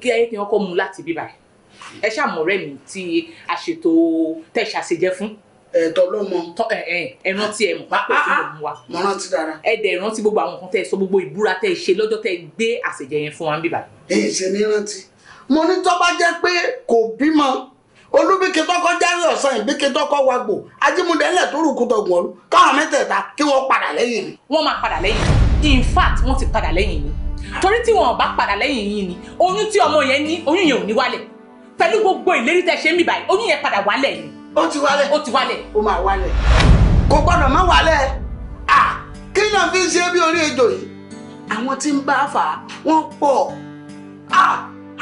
kí ayé kí wọ́n kọ́ mu láti bíbá ẹ ṣàmọ̀rẹ́ mi tí a ṣètò tẹ̀sà jẹ́ fún ẹ̀tọ́ ló mọ. ẹ rántí ẹ mọ pápá tí mo mú wa. mo rántí dára. ẹ dẹ̀ rántí gbogbo àwọn nǹkan tẹ́ ẹ sọ gbogbo ìbúra tẹ́ ẹ ṣe lọ́jọ́ tẹ́ ẹ gbé àṣejẹ yẹn fún wa ń bíbá. èyí ṣe ní rántí. mo ní tó bá jẹ́ pé kò bímọ olúbíkí tọkọ járe ọsán ìbíkí tọkọ wagbò ajímúdẹlẹ tó rù kútọgùn ọlú káwọn mẹ́tẹ̀ẹ̀ta kí wọ́n padà lẹ́yìn mi. wọ́n máa padà lẹ́yìn in fact wọ́n ti padà lẹ́yìn mi torí tí wọn ò bá padà lẹ́yìn yìí ni oyún tí ọmọ yẹn ní oyún yẹn ò ní wálẹ̀ pẹ̀lú gbogbo ìlérí tẹ́ ṣe ń bì báyìí oyún yẹn padà wálẹ̀ yìí. ó ti wálẹ̀ ó ti wálẹ̀ ó máa wálẹ̀ kò gbọ́dọ̀ má wálẹ̀ Ah, kí náà fi ṣe bí orí ejò yìí àwọn tí ń bá fà á wọ́n pọ̀ à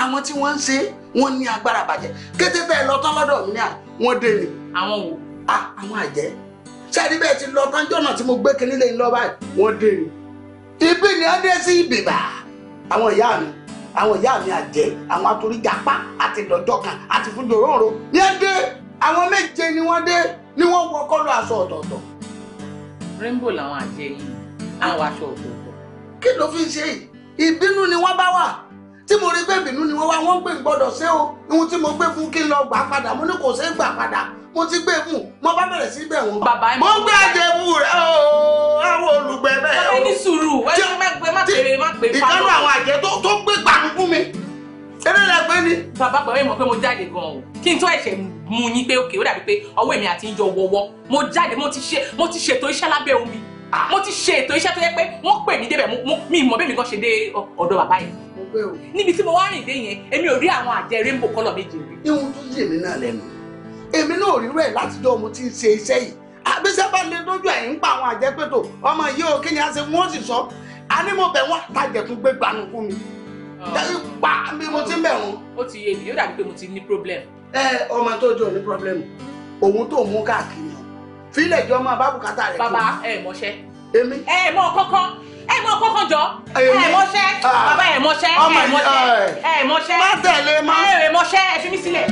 àwọn tí wọ́n ń ṣe é wọ́n ní agbára bàjẹ́ kété tẹ́ ẹ lọ tán lọ́dọ̀ mi ní à wọ́n dé ni. àwọn wò. a àwọn àjẹ́ ṣáàdì bẹ́ẹ̀ ti lọ tán jọ̀nà tí mo gbé kinní lẹ́yìn lọ́ba yìí wọ́n dé ni. ibi ni wọ́n dé sí ibìbà àwọn ìyá mi àwọn ìyá mi àjẹ́ àwọn atoríjàpá àti dọ̀jọ́ kan àti fún jòróró ni wọ́n dé àwọn méje ni wọ́n dé ni wọ́n wọ kọ́lọ́ aṣọ ọ̀tọ̀ọ̀tọ̀. rainbow làwọn àjẹ́ yìí àwọn aṣọ ọ̀tọ̀ọ̀tọ̀. kí ló fi ṣe ìbínú ni wọ́n bá wà tí mo rí pé ìbínú ni wọ́n wá wọ́n gbé gbọ́dọ̀ ṣe o ohun tí mo gbé fún kí n lọ gbà padà mo ní kò ṣe é gbà padà mo ti gbé fún mo bá bẹ̀rẹ̀ sí bẹ̀ wọ́n. bàbá mi mo gbé àjẹbù rẹ ooo àwọn olùgbẹ bẹ́ẹ̀. ọ̀rẹ́ ní sùúrù wẹ́n má gbé má pèrè má pèrè pàrọ̀. ìkànnì àwọn àjẹ tó gbé gbàmù fún mi eré rẹ pé ni. bàbá pẹ̀lú ìmọ̀ pé mo jáde gan-an o kí n tó ẹ̀ṣẹ̀ mu yín pé òkè ó dàbí pé ọwọ́ èmi àti ìjọ wọ̀wọ́ mo jáde mo ti ṣètò iṣẹ́ lábẹ́ omi mo ti ṣètò iṣẹ́ tó yẹ pé wọ́n pè mí débẹ̀ mi ìmọ̀ bẹ́ẹ̀ mi kan ṣe dé ọ̀dọ̀ bàbá yìí pé o. níbi tí mo wá rìn dé yẹn èmi ò rí àwọn àjẹ rainbow kọ́lọ̀ méje rí. ihun tó yè mí náà lẹ́nu èmi náà rí rẹ̀ látijọ́ mo ti ṣe iṣẹ́ yìí àbíṣẹ́ bá lè lójú ẹ̀ ń pa àwọn àjẹ pé tó ọmọ yìí ò kí ni a ṣe wọ́n sì sọ a ní mo bẹ̀ wọ́n àtàjẹ̀ tún gbé gbanu fún mi dájú ah. pa bí mo ti ń bẹ̀ wọ́n. ó ti yé mi yóò dàbí pé mo ti ní problem. ẹ ọmọ tó jọ ní problem òun tó mú káàkiri fílẹ̀ jọ máa bá rẹ̀ kú. bàbá ẹ mọṣẹ́. èmi. ẹ mọ kọ́kọ́ ẹ mọ kọ́kọ́ jọ ẹ mọṣẹ́ ah. bàbá ẹ mọṣẹ́ ẹ mọṣẹ́ ẹ mọṣẹ́ má tẹ̀lé má ẹ mọṣẹ́ ẹ fi mí sílẹ̀.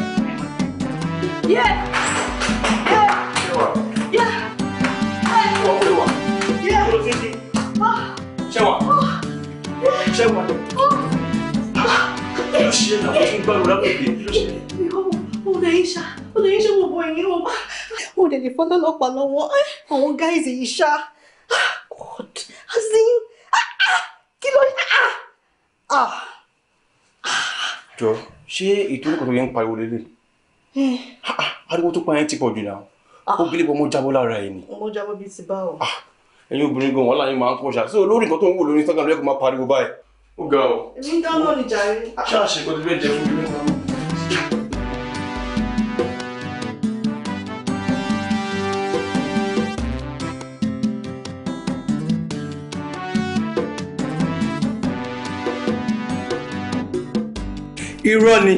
Yeah. Yeah. Yeah ṣẹwà ṣẹwà kí ló ṣe náà fún gbàrú lápòdì kí ló ṣe. ọ̀dà iṣa ọ̀dà iṣa mo bọ ẹ̀yìn wọn. mo dẹ̀ lè fọ́n lọ́lọ́pàá lọ́wọ́ àwọn gáìsì yìí ṣá. God as ah ah, ló ah, ah, ah, jọ ṣé ìtorí kòtò yẹn ń pariwo lélẹ̀ eh. ariwo tó pa yẹn ti pọ̀ jù náà ó bílẹ̀ bọ́ mo jábọ́ lára ẹ̀ ni. mo jábọ́ bíi ti bá o. ẹ̀yin obìnrin gan wàhálà yín máa ń pọ̀ ṣá sí olórí nǹkan tó ń wò lórí Instagram lẹ́kọ̀ọ́ máa pariwo báyìí ó ga o. èmi ń dáná níjà rí. ṣáà ṣe kó fẹ́ jẹ fún mi. irọ́ ni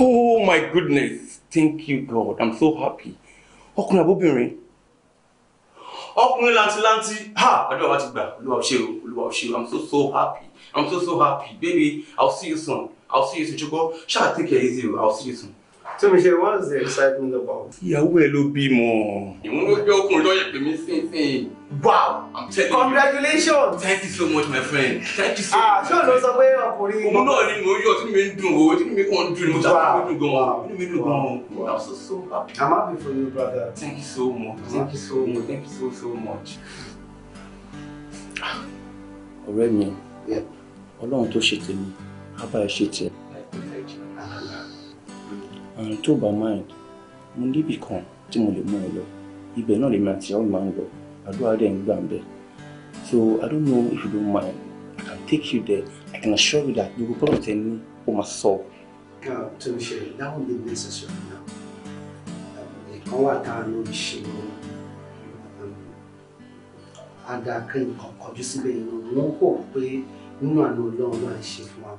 oh my goodness thank you God I'm so happy ọkùnrin àbóbìnrin ọkùnrin lantilanti ha àdúrà wa ti gbà olúwa ṣe o olúwa ṣe o I'm so so happy I'm so so happy baby I'll see you soon I'll see you soon ṣùgbọ́n ṣáà take care I'll see you soon tí mo ṣe what's the excitement about. ìyàwó ẹ ló bímọ. ìwọ́n ló gbé okùn lọ́yẹ̀ pé mi sínsìn. wow congratulations. thank you so much my friend thank you so ah, much. ah ṣé o lọ sọ pé ọkùnrin. òun náà ni mo yọ tí mi ń dùn o tí mi kàn dùn mo sábà mi dùn gan-an mi dùn gan-an. i'm so so happy. i'm happy for you brother. thank you so much thank you so much thank you so so much. ọ̀rẹ́ mi ọlọ́run tó ṣe tèmi á bá ẹ ṣe tiẹ̀ and tó bá mind mo níbì kan tí mo lè mú ẹ lọ ibẹ̀ náà lèmi àti ìyàwó máa ń lọ àdúrà dẹ̀ ń gbà ń bẹ̀ so i don't know if you don't mind i can take you there i can assure you that gbogbo problem tẹ ní ó máa sọ. girl tó ń ṣe that won't be necessary now ẹ̀kan wà tá a lórí ṣe wọn adaka nǹkan kọjú síbẹ̀ yẹn wọ́n kò pé nínú àná ọlọ́run máa ń ṣe fún wa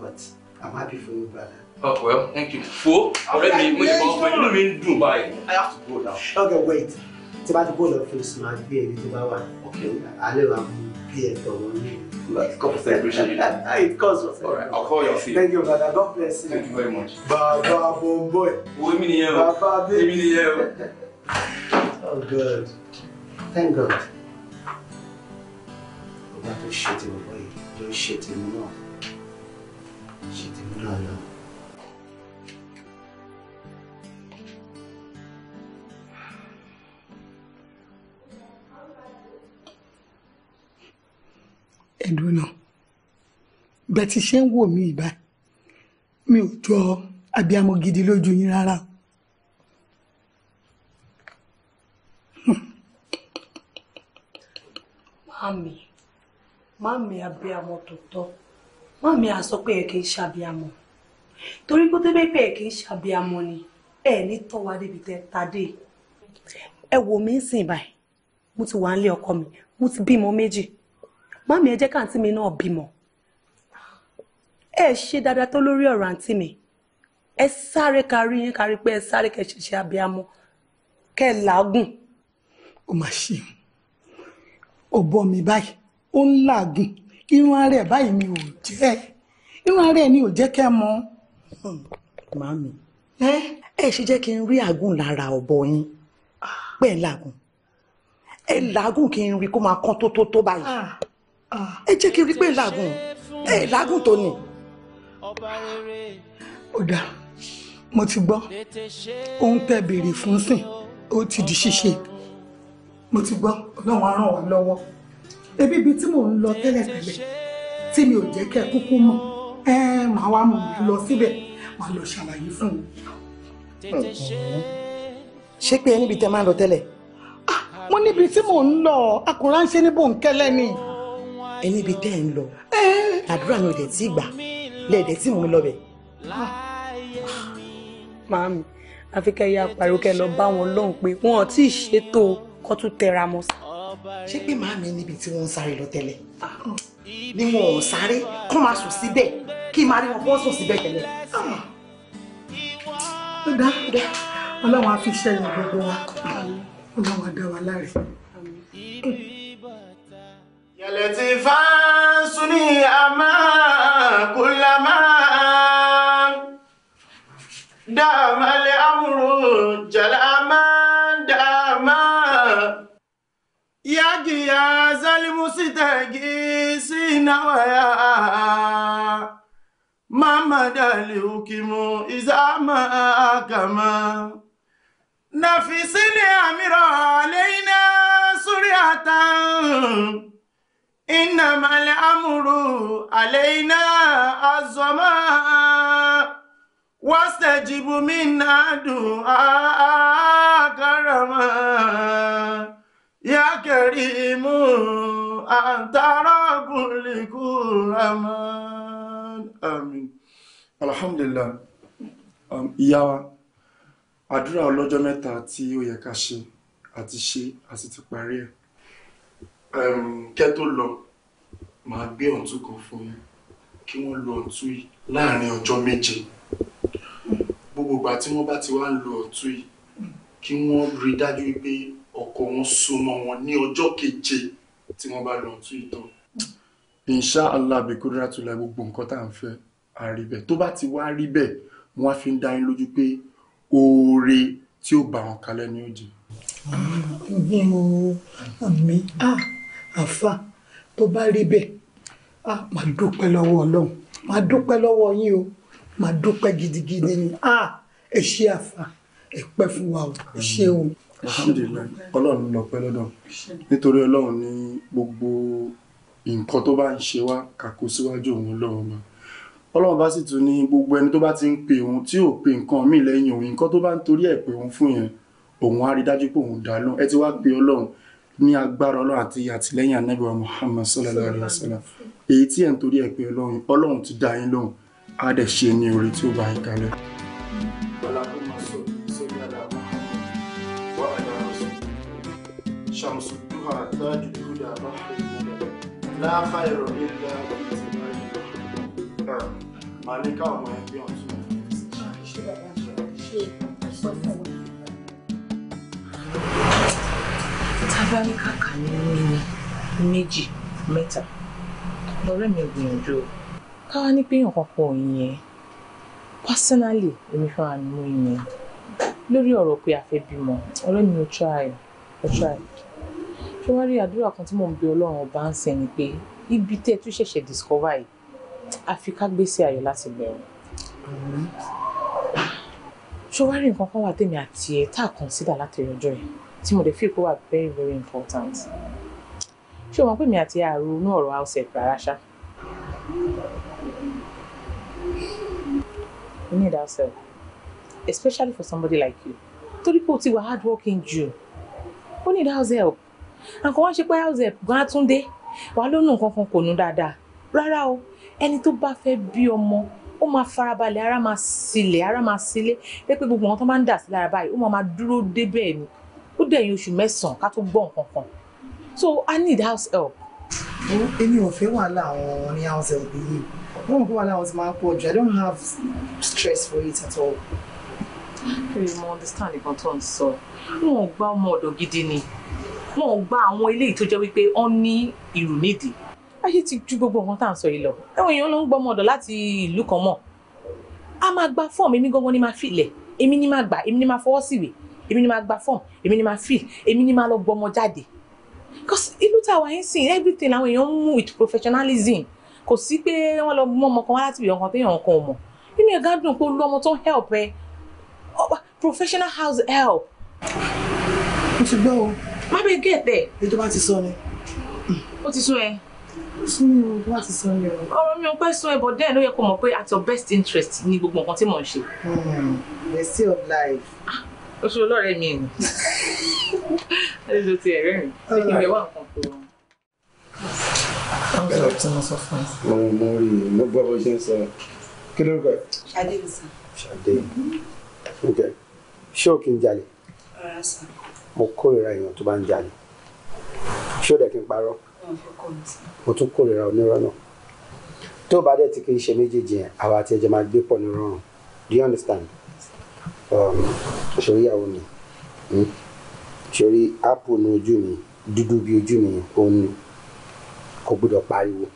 but i'm happy for you brother. Oh, well, thank you. Four. ọ̀rẹ́ mi, mo ti kọ́ pé inú mi ń I have to go now. Okay, wait. It's about to go to the first night. gbé ẹbí tó bá wà. Okay. I wa mú bí ẹ tọ̀ wọ́n Like cup of celebration. It calls for celebration. All right, I'll call your fee. Thank you, brother. God bless you. Thank you very much. Bàbá Bomboy. Owó mi nìyẹn o. Bàbá Bébí. Èmi nìyẹn o. Oh, good. Thank God. Ọba tó ṣe tèmi bọ́ yìí, Don't shit ṣe tèmi náà. Ṣe tèmi náà náà. ẹ̀dùn náà bẹ́ẹ̀ ti ṣe ń wò mí ìbá mi ò jọ abiyamọ gidi lójú yín rárá o. Mami, mami abiyamọ tòótọ́, mami a sọ pé ẹ kì í ṣàbíamọ. Torí kó tẹ́lẹ̀ pé ẹ kì í ṣàbíamọ ni, ẹ ní tọ́wá débi tẹ́ tadé. Ẹ wò mí sìn báyìí, mo ti wà ń lé ọkọ mi, mo ti bímọ méjì mami ẹ jẹ́ káàntí mi náà bímọ ẹ ṣe dáadáa tó lórí ọ̀rọ̀ àǹtí mi ẹ sáré kárí yín kárí pé ẹ sáré kẹ ṣẹṣẹ abiyamọ kẹ làágùn. ó mà ṣe ó bọ́ mi báyìí ó ń làágùn irun ara ẹ̀ báyìí mi ò jẹ́ irun ara ẹ̀ ni ò jẹ́ kẹ́ mọ́. Hmm. màmí ẹ ẹ ṣe jẹ́ kí n rí àgùn lára ọ̀bọ yín ah. pẹ́ làágùn ẹ làágùn kí n rí kó máa kán tó tó tó báyìí. Ah ẹ jẹ́ kí n rí pé làágùn ẹ làágùn tó nì. ó dà mo ti gbọ́ ohun tẹ́ béèrè fún sìn ó ti di ṣíṣe mo ti gbọ́ ọlọ́run á ràn wá lọ́wọ́ ebi ibi tí mò ń lọ tẹ́lẹ̀tẹ́lẹ̀ tí mi ò jẹ́ kẹ́ kúkú mọ̀ ẹ màá wá mọ̀ lọ síbẹ̀ màá lọ ṣàlàyé fún mi. ṣé pé níbi tẹ́ máa ń lọ tẹ́lẹ̀ ah, mo níbi tí mò ń lọ akùnránṣẹ́ ní bòńkẹ́lẹ́ ni. Mm -hmm ẹni bíi tẹ́ ẹ̀ ń lọ àdúrà mi ò dẹ̀ tí ì gbà lẹ́ẹ̀dẹ̀ tí mò ń lọ bẹ̀. Ah. màámi àfi kẹyà pariwo lọ bá wọn lọ́hùn pé wọn ò tí ì ṣètò kó tún mọ́ ṣé pé màámi níbi tí wọ́n ń sáré lọ tẹ́lẹ̀ ah. ni wọn ò sáré kó máa sùn síbẹ̀ kí máa rí wọn kó sùn síbẹ̀ tẹ́lẹ̀. Ah. ó dá ó á fi ṣẹ́yìn gbogbo wa ọlọ́run á dá wa láre. يا لطيفا سني أما كلما دام الأمر جلاما داما يا جياز المستقي سينويا محمد الحكيم إذا ما كما نفسني أمير علينا سريعة إنما الأمر علينا الزمان واستجب منا دعاء كرما يا كريم أنت رب الكرمان آمين الحمد لله ìyá wa àdúrà ọlọ́jọ́ mẹ́ta tí ó yẹ ká ṣe àti ṣe àti ti parí ẹ̀ kẹ́ tó lọ màá gbé ọ̀tún kan fún yín kí wọ́n lo ọ̀tún yìí láàrin ọjọ́ méje gbogbo ìgbà tí wọ́n bá ti wá ń lo ọ̀tún yìí kí wọ́n rí dájú pé ọkọ wọn súnmọ́ wọn ní ọjọ́ keje tí wọ́n bá lo ọ̀tún yìí tán. insha allah abikura tula gbogbo nǹkan tá à ń fẹ́ àríbẹ̀ tó bá ti wá rí bẹ́ẹ̀ wọ́n á fi ń dá yín lójú pé oore tí ó bá wọn kalẹ̀ ni ó jẹ. àmì Ah àfa tó bá rí bẹ́ẹ̀ a máa dúpẹ́ lọ́wọ́ ọlọ́run máa dúpẹ́ lọ́wọ́ yín o máa dúpẹ́ gidigidi ni a ẹ ṣe àfa ẹ pẹ́ fún wa o ẹ ṣe o. alhamdulilayi ọlọ́run ló pẹ́ lọ́dọ̀ nítorí ọlọ́run ní gbogbo nǹkan tó bá ń ṣe wá kàkó síwájú òun ọlọ́run máa ọlọ́run bá sì tún ní gbogbo ẹni tó bá ti ń pe òun tí ò pe nǹkan míì lẹ́yìn òun nǹkan tó bá ń torí ẹ̀ pé òun fún yẹn òun á rí dájú pé òun dá lóhùn ẹ ti wá pe ọlọ́run ní agbára ọlọ́run àti àtìlẹ́yìn anábìwá muhammad sallallahu alayhi wa sallam èyí tí ẹ̀ ń torí ẹ̀ pé ọlọ́run ọlọ́run ti dá yín lóhùn á dẹ̀ ṣe ní orí tí ó bá yín kalẹ̀. Thank you tábàní kàkà nínú ní méjì mẹ́ta lọ́rẹ́ mi gbìyànjú o káwá ní pé èèyàn pọ̀ yẹn personally èmi fún àmì mú yẹn lórí ọ̀rọ̀ pé a fẹ́ bímọ ọ̀rẹ́ mi ò try ò try ṣé wọ́n rí àdúrà kan tí mò ń bẹ ọlọ́run ọba ń sẹ́ ni pé ibi tẹ́ ẹ tún ṣẹ̀ṣẹ̀ discover yìí àfi ká gbèsè ayọ̀ láti bẹ̀rù ṣé wọ́n rí nǹkan kan wà tèmi àti ẹ̀ tá a consider láti ọjọ́ yìí tí mo dẹ̀ feel kó wà very very important ṣé o mọ̀ pé mi àti ààrò inú ọ̀rọ̀ house rárá ṣá We need ourselves, especially for somebody like you torí pé o ti wà hard working jù o need ourselves. help àǹkọ́ wá ṣe pé house help gan Túndé wà ló nù nǹkan kan kò nù dáadáa rárá o ẹni tó bá fẹ́ bí ọmọ ó máa farabalẹ̀ ara máa sílẹ̀ ara máa sílé pé pé gbogbo àwọn tó máa ń dà sí lára báyìí ó máa máa dúró débẹ̀ ni ó dẹ̀yìn oṣù mẹ́sàn-án ká tó gbọ́ nǹkan kan so I need house help. Oh, èmi ò fẹ́ wàhálà àwọn ní house help yìí wọ́n mọ̀ pé wàhálà àwọn ti máa ń pọ̀ jù I don't have stress for it at all. kiri mo understand nǹkan tó ń sọ wọn ò gbà ọmọ ọ̀dọ̀ gidi ni wọn ò gbà àwọn eléyìí tó jẹ́ wípé wọ́n ní ìrù nídìí ayé ti ju gbogbo nǹkan tá à ń sọ yìí lọ ẹwọn èèyàn ló ń gbọmọ ọ̀dọ̀ láti ìlú kan mọ a máa gba fọọmù èmi gangan ni máa filẹ èmi ni máa gbà èmi ni máa fọwọ́ síwèé èmi ni máa gba form èmi ni máa fill èmi ni máa lọ gbọmọ jáde because ìlú tá a wà ń everything làwọn èèyàn ń mú with professionalism kò sí pé wọ́n lọ mú ọmọ kan wá láti ibi ọkàn téèyàn kan ò mọ̀ nínú ẹ̀gá dùn pé ọmọ tó help ẹ professional house help. mo ti gbọ́ o. má bẹ gé ẹ̀tẹ̀. èyí tó bá ti sọ ni. ó ti sún ẹ. sún mi o bá ti sọ ni o. ọ̀rọ̀ mi ò pẹ́ sún ẹ but then ló yẹ kó mọ̀ pé at your best interest ni gbogbo nǹkan tí mò ń ṣe. best hmm, of life. Ah, o ṣe olóòrè mi ni àlejò ti ẹ̀rẹ́ mi ṣé kí n lè wá nǹkan tó wọn. ọ̀hún ṣe tí mo sọ fún ẹ. mo mo rí i mo gbọ́ bó ṣe ń sọ kí ló ń kọ́ ẹ. ṣadé mi sàn. ṣadé ok ṣé o kì í jalè. rárá sàn. mo kórìíra èèyàn tó bá ń jalè ṣé o dẹ̀ kí n parọ́. mo tún kórìíra onírọ́ náà tó bá dẹ̀ ti kì í ṣe méjèèjì yẹn àwa àti ẹ̀jẹ̀ máa gbé pọ̀ ní rọrùn do you understand. Um, ṣorí ìyàwó mi hmm? ṣorí ápù ní ojú mi dúdú bí ojú mi òun ni kò gbọdọ̀ pariwo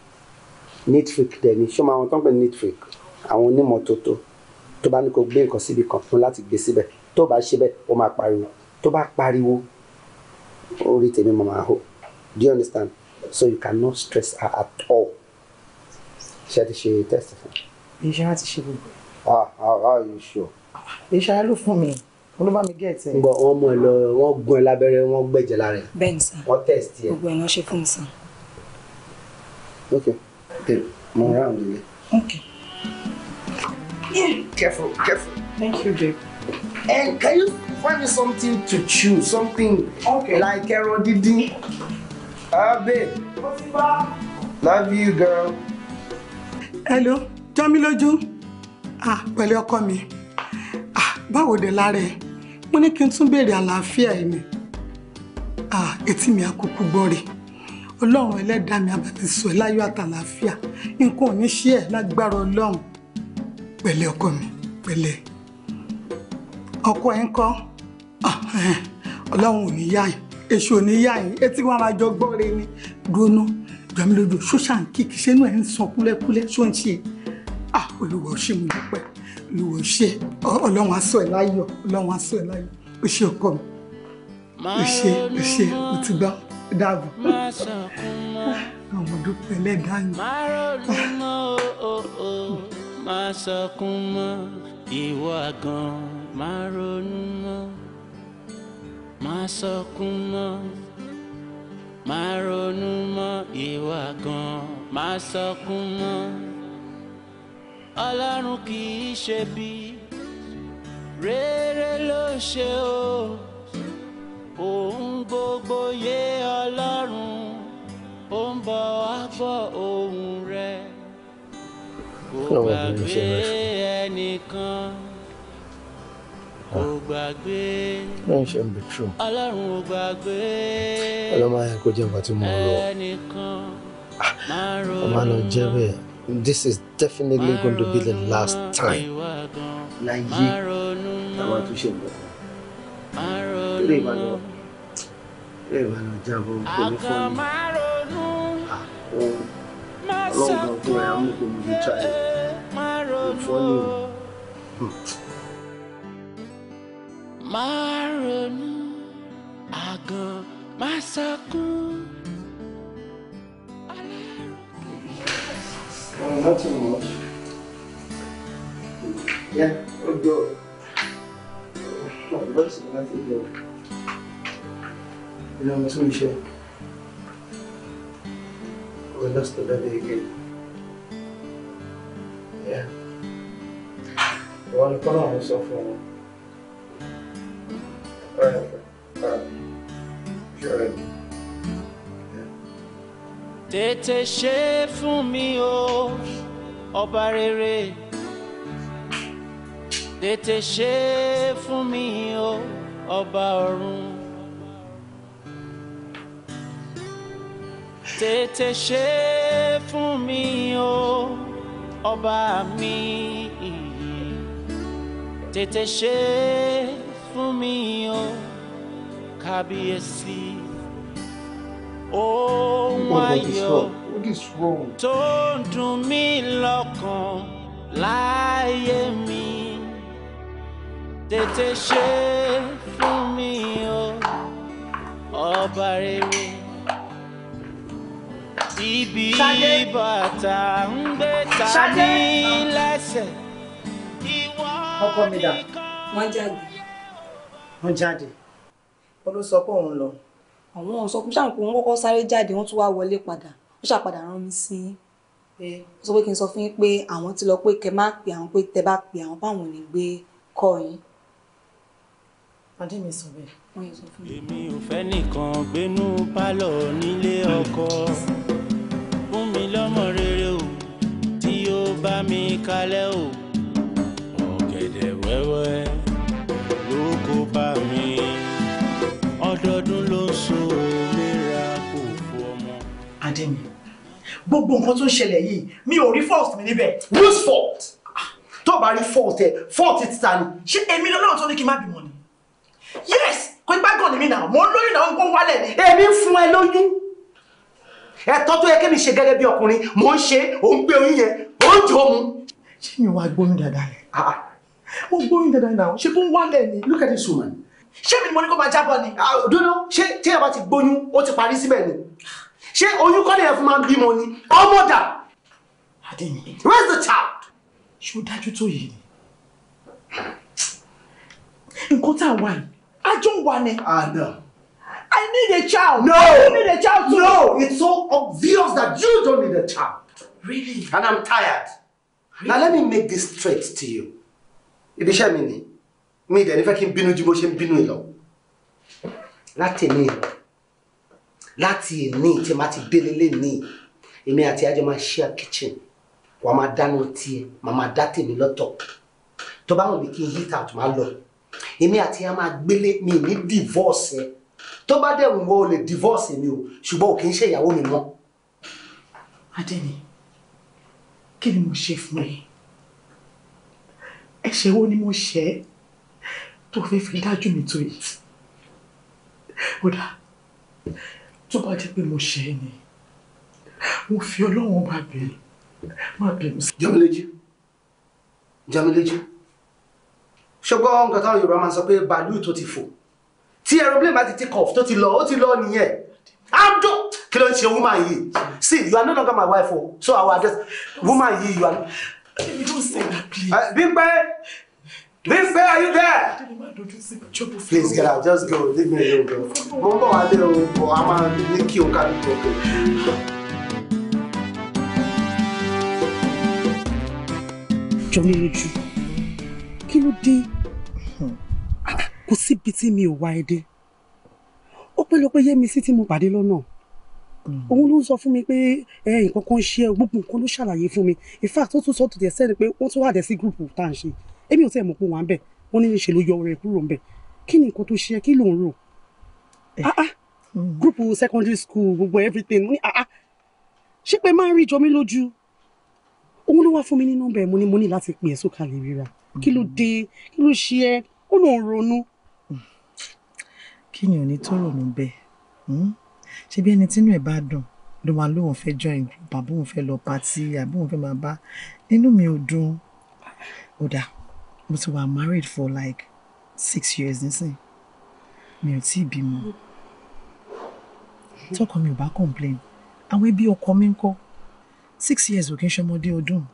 nitfric dẹni ṣé máa wọn tán pé nitfric àwọn onímọ́tótó tó bá ní kó gbé nǹkan síbi kan fún láti gbé síbẹ̀ tó bá ṣe bẹ́ẹ̀ ó máa pariwo tó bá pariwo orí tèmi mọ̀ máa hó do you understand so you cannot stress her at all ṣé ti ṣe test fún. ǹjẹ́ wọ́n ti ṣe gbogbo. ah ah ah you sure ìṣayá ló fún mi wọn ló bá mi gẹ̀ẹ́tì. ngbọ wọn mọ lọ wọn gún ẹ lábẹ́rẹ́ wọn gbẹ̀jẹ̀ lára ẹ. bẹ́ẹ̀ni sá wọn tẹsítì ẹ. gbogbo ẹ lọọ ṣe fún mi sá. ok tèmi mo rà àwọn ilé. ok. Yeah. Careful, careful. Thank you, babe. And can you find me something to chew? Something okay. like ẹran díndín. Ah, uh, babe. Love you, girl. Hello, jọ mi lójú. Ah, pẹ̀lú ọkọ mi báwo dẹ̀ lára ẹ mo ní kí n tún béèrè àlàáfíà ẹ ni etí mi àkókò gbọ́re ọlọ́run ẹlẹ́dàá mi abàmì sọ ẹ láyọ̀ àtàlàáfíà nǹkan ò ní ṣe ẹ lágbára ọlọ́run pẹ̀lẹ́ ọkọ mi pẹ̀lẹ́ ọkọ ẹ ń kọ́ ọlọ́run ò ní yá yìí èṣù ò ní yá yìí etí wọn máa jọ gbọ́re ni gbóná jọmílódò ṣóṣà ń kíkì ṣé inú ẹ ń sọ kúlẹ́kúlẹ́ ṣó ń ṣe ah olùwọ̀ ṣe mo dúpẹ́ ìwò ṣe ọlọ́run aṣọ ẹ̀ láyọ̀ ọlọ́run aṣọ ẹ̀ láyọ̀ ó ṣe ọkọ mi ó ṣe ó ṣe ó ti gbọ́ dáàbò ọmọ dúpẹ́ lẹ́dàá yìí. má sọkún mọ́ ìwọ àgàn má ronú mọ́ má sọkún mọ́ má ronú mọ́ ìwọ àgàn má sọkún mọ́ ọlọ́run kì í ṣe bí rere ló ṣe o òun gbogbo yé ọlọ́run ó ń bọ̀ wá gbọ́ ohùn rẹ̀ kò gbàgbé ẹnìkan kò ah. gbàgbé ọlọ́run ò gbàgbé ẹnìkan ah, máa ń ronú this is definitely going to be the last time láyé táwa tún ṣe lọ tẹ́lẹ̀ ìbá lọ tẹ́lẹ̀ ìbá lọ jábọ̀ pẹ̀lú fọ́ọ̀nù ọlọ́gbọ̀n tó rẹ̀ amúkò mi lè tra ẹ̀ máa ronú àgàn máa sọkún. not too much. Yeah, we'll go. What is going to go? You know, it's only share. We lost the baby again. Yeah. You want to come on yourself for a moment? All right. tètè ṣe fún mi o ọba rere tètè ṣe fún mi o ọba ọ̀run tètè ṣe fún mi o ọba mi tètè ṣe fún mi o kábíyèsí ohun ayọ̀ tó ń dùn mí lọ́kàn láyé mi tètè ṣe fún mi o ọba rere ibi bàtà ń gbé ta ní lẹ́sẹ̀ ìwọ nìkan. wọ́n jáde. wọ́n jáde. olú sọ pé òun lọ àwọn sọ pé ṣáà pé wọ́n kọ́kọ́ sáré jáde wọ́n tún wá wọlé padà wọ́n ṣàpadà rán mi sí ó sọ pé kí n sọ fún yín pé àwọn ti lọ pé kẹ má pè àwọn pé tẹ bá pè àwọn báwọn ò ní gbé kọ́ yín. adé mi sọ bẹ́ẹ̀. èmi ò fẹ́ nìkan gbénú pálọ̀ nílé ọkọ fún mi lọ́mọ rere o tí yóò bá mi kalẹ̀ o. dé mi gbogbo nǹkan tó ń ṣẹlẹ̀ yìí mi ò rí fault mi níbẹ̀ whose fault ah, tó bá rí fault ẹ fault ti ta ni ṣé èmi lọ́nà tó ní kí n má bímọ ni yes kò ní bá gàn ní mi náà mo lóyún náà ń gbó wálẹ̀ ni. èmi fún ẹ lóyún ẹ̀tọ́ tó yẹ kí mi ṣe gẹ́gẹ́ bí ọkùnrin mò ń ṣe òun gbé oyún yẹn ó jò ó mu. ṣé mi wá gbóyún dáadáa rẹ̀ ah, ah. mo gbóyún dáadáa náà ṣé tó wálẹ̀ ni look at this woman ṣé mi ni mo ní kó máa jábọ̀ ni. dúró ṣé tí ẹ bá ti gbóyún ó ti parí síbẹ̀ ni ṣé oyún kọ́ lèyàn fún máa ń bímọ ni ọmọ dà adéyìn where's the child ṣé ó dájú tó yìí ni nǹkan tá a wà yìí ajọ́ wà ní. àdà. Ah, I need a child. No. I need a child too. No, it's so obvious that you don't need a child. Really? And I'm tired. Really? Now let me make this straight to you. Ibi iṣẹ́ mi ni, mi ìdẹ̀ nífẹ̀ẹ́ kí n bínú ju bó ṣe ń bínú ìlọ. Láti ìlọ láti ìní tí ma ti délé lé ní èmi àti ajọ máa share kitchen wàá máa dáná tiẹ̀ màá máa dá tèmi lọ́tọ̀ tó bá wọn bí kí n hit out máa lọ èmi àti ẹ máa gbélé mi ní divorce ẹ tó bá dẹ̀ wọ́n o lè divorce mi o ṣùgbọ́n ò kì í ṣe ìyàwó mi mọ́. adẹ́ni kí ni mo ṣe fún ẹ ẹ̀ṣẹ̀ wo ni mo ṣẹ̀ ẹ́ tó fẹ́ fi dájú mi tó yìí ó tó bá jẹ́ pé mo ṣe é ni mo fi ọlọ́run bá bẹ̀ má bẹ̀ mí sí. Jámiléjì Jámiléjì ṣùgbọ́n nǹkan táwọn Yorùbá máa ń sọ pé bàálù tó ti fò tí aeroplane bá ti take off tó ti lọ ó ti lọ nìyẹn abdo kí ló ń ṣe woman yìí see you are no longer my wife o so our address woman yìí you are. èmi ló ń sìn ní àpilẹ̀. bí This day, are you there? Please get out, just go, leave me alone, bro. Mo ń bọ̀ wá dé o, bọ̀ a máa ní kí mi lójú, kí ló dé? Kò síbi tí mi ò wá ẹ Ó pẹ́ lọ́pẹ́ yé mi sí tí mo pàdé lọ́nà. Òun ló ń sọ fún mi pé ẹ nǹkan kan ṣe ẹ gbogbo nǹkan ló ṣàlàyé fún mi. In fact, ó tún sọ to the extent pé wọ́n tún wà dé sí gúrùpù tá à ń ṣe èmi ò tẹ́ mọ̀ pé wà ń bẹ̀ wọ́n ní í ṣe ló yọ ọ̀rẹ́ kúrò ń kí ni nǹkan tó ṣe kí ló ń rò eh. ah ah mm. group secondary school gbogbo everything mo ní ah ah ṣé pé máa ń rí jọ mí lójú òun ló wá fún mi ní nọ́mbà ẹ̀ mo ní mo ní láti pè é sókàlẹ̀ ríra kí ló mm. dé kí ló ṣe ó lóun ronú. Mm. kí ni òní tó ronú bẹ́ẹ̀ hmm? ṣé bí ẹni tínú ẹ̀ bá dùn ló máa lóun fẹ́ join group àbóun fẹ́ lọ pàtì àbóun fẹ́ máa bá nínú mi ò dùn ó dáa But we wà married for like six years nísìn mi ò tíì bímọ tọkọ mi ò bá complain àwọn ẹbí ọkọ mi ń kọ́ six years ò kí n ṣọmọdé ọdún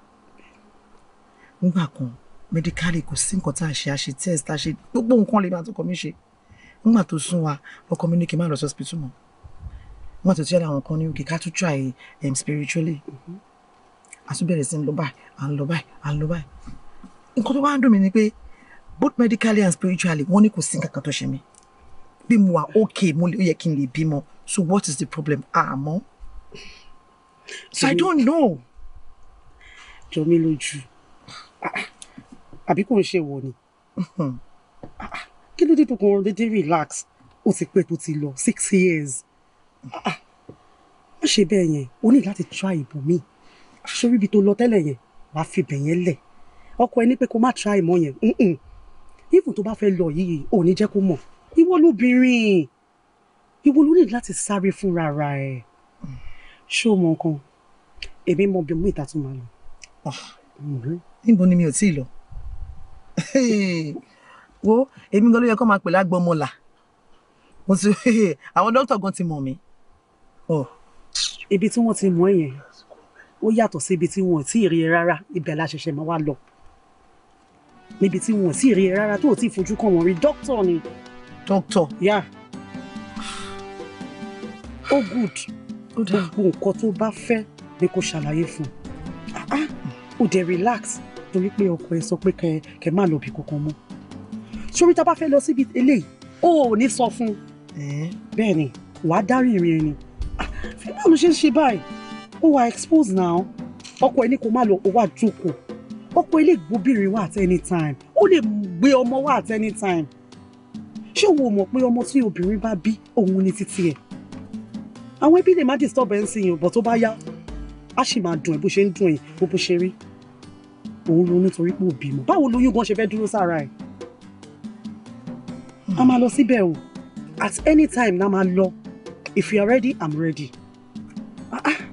nígbà kan medically kò sí nǹkan tá a ṣe a ṣe test a ṣe gbogbo nǹkan lè máa tó kọ mí ṣe nígbà tó sún wa ọkọ mi ní kí n má lọ sí hospital mọ́ nígbà tó tíyẹ́ làwọn kan ní òkè ká tún try um, spiritually mm-hmm. a tún bẹ̀rẹ̀ sí ń lọ báyìí à ń lọ báyìí à ń lọ báyìí nǹkan tó wá ń dùn mí ni pé both medically and spiritually wọ́n ní kò sí nǹkan kan tó ṣe mí bí mo wà okay mo yẹ kí n lè bímọ so what is the problem àmọ́ so i don't know. jọ mí lójú àbí kò ń ṣe wọ ni mm-hmm. kí ló dé tó kàn dédé relax ó ti pẹ́ tó ti lọ six years má ṣe bẹ́ẹ̀ yẹn o ní láti try ìbò mi sórí ibi tó lọ tẹ́lẹ̀ yẹn wàá fi bẹ̀ lẹ̀ ọkọ ẹ ní pé kó má try mọ́ yẹn even tó bá fẹ́ lọ yìí ò ní jẹ́ kó mọ̀ ìwọ lóbìnrin ìwọ ló ní láti sáré fúnra ra ẹ̀ ṣó mọ nǹkan èmi mọ bí mú ìta tó máa lọ. Ah. Mm-hmm. níbo ni mi ò tí ì lọ wo èmi gan ló yẹ kó máa pè lágbọmọlà mo ti àwọn dókítà gan ti mọ̀ mí. Oh. ibi tí wọ́n ti mọ̀ ẹ́ yẹn ó yàtọ̀ sí ibi tí wọ́n ò tí ì rí rárá ibẹ̀ la ṣẹ̀ṣẹ̀ máa wá lọ níbi tí wọn ò tí ì rí ẹ rárá tó ò fojú kàn wọn rí dókítà ni. Doctor. yá ó good gbogbo nǹkan tó bá fẹ́ ni kò ṣàlàyé fún un ah, ah. ó relax torí pé ọkọ ẹ sọ pé kẹ kẹ má lọ bí kankan mọ́ sórí tá a bá fẹ́ lọ síbi eléyìí ó ò ní sọ fún un bẹ́ẹ̀ ni wàá dárí ìrìn ẹni ah, fífi báwo ló ṣe ń ṣe báyìí ó wà expose now ọkọ ẹ ní kó má lọ ó wà jókòó ọkọ ilé ìgbóbìnrin wà at any time ó lè gbé ọmọ wà at any time ṣé òun ò mọ̀ pé ọmọ tí obìnrin bá bí òun ni títí ẹ̀ àwọn ẹbí lè má disturb ẹ̀ ń sìn yìnbọn tó bá yá á sì máa dùn ẹ̀ bó ṣe ń dùn ẹ̀ bó bó ṣe rí òun ló nítorí pé òbí mọ̀ báwo lóyún gan ṣe fẹ́ dúró sára ẹ̀ a máa lọ síbẹ̀ o at any time na máa lọ if you are ready i'm ready. Ah, ah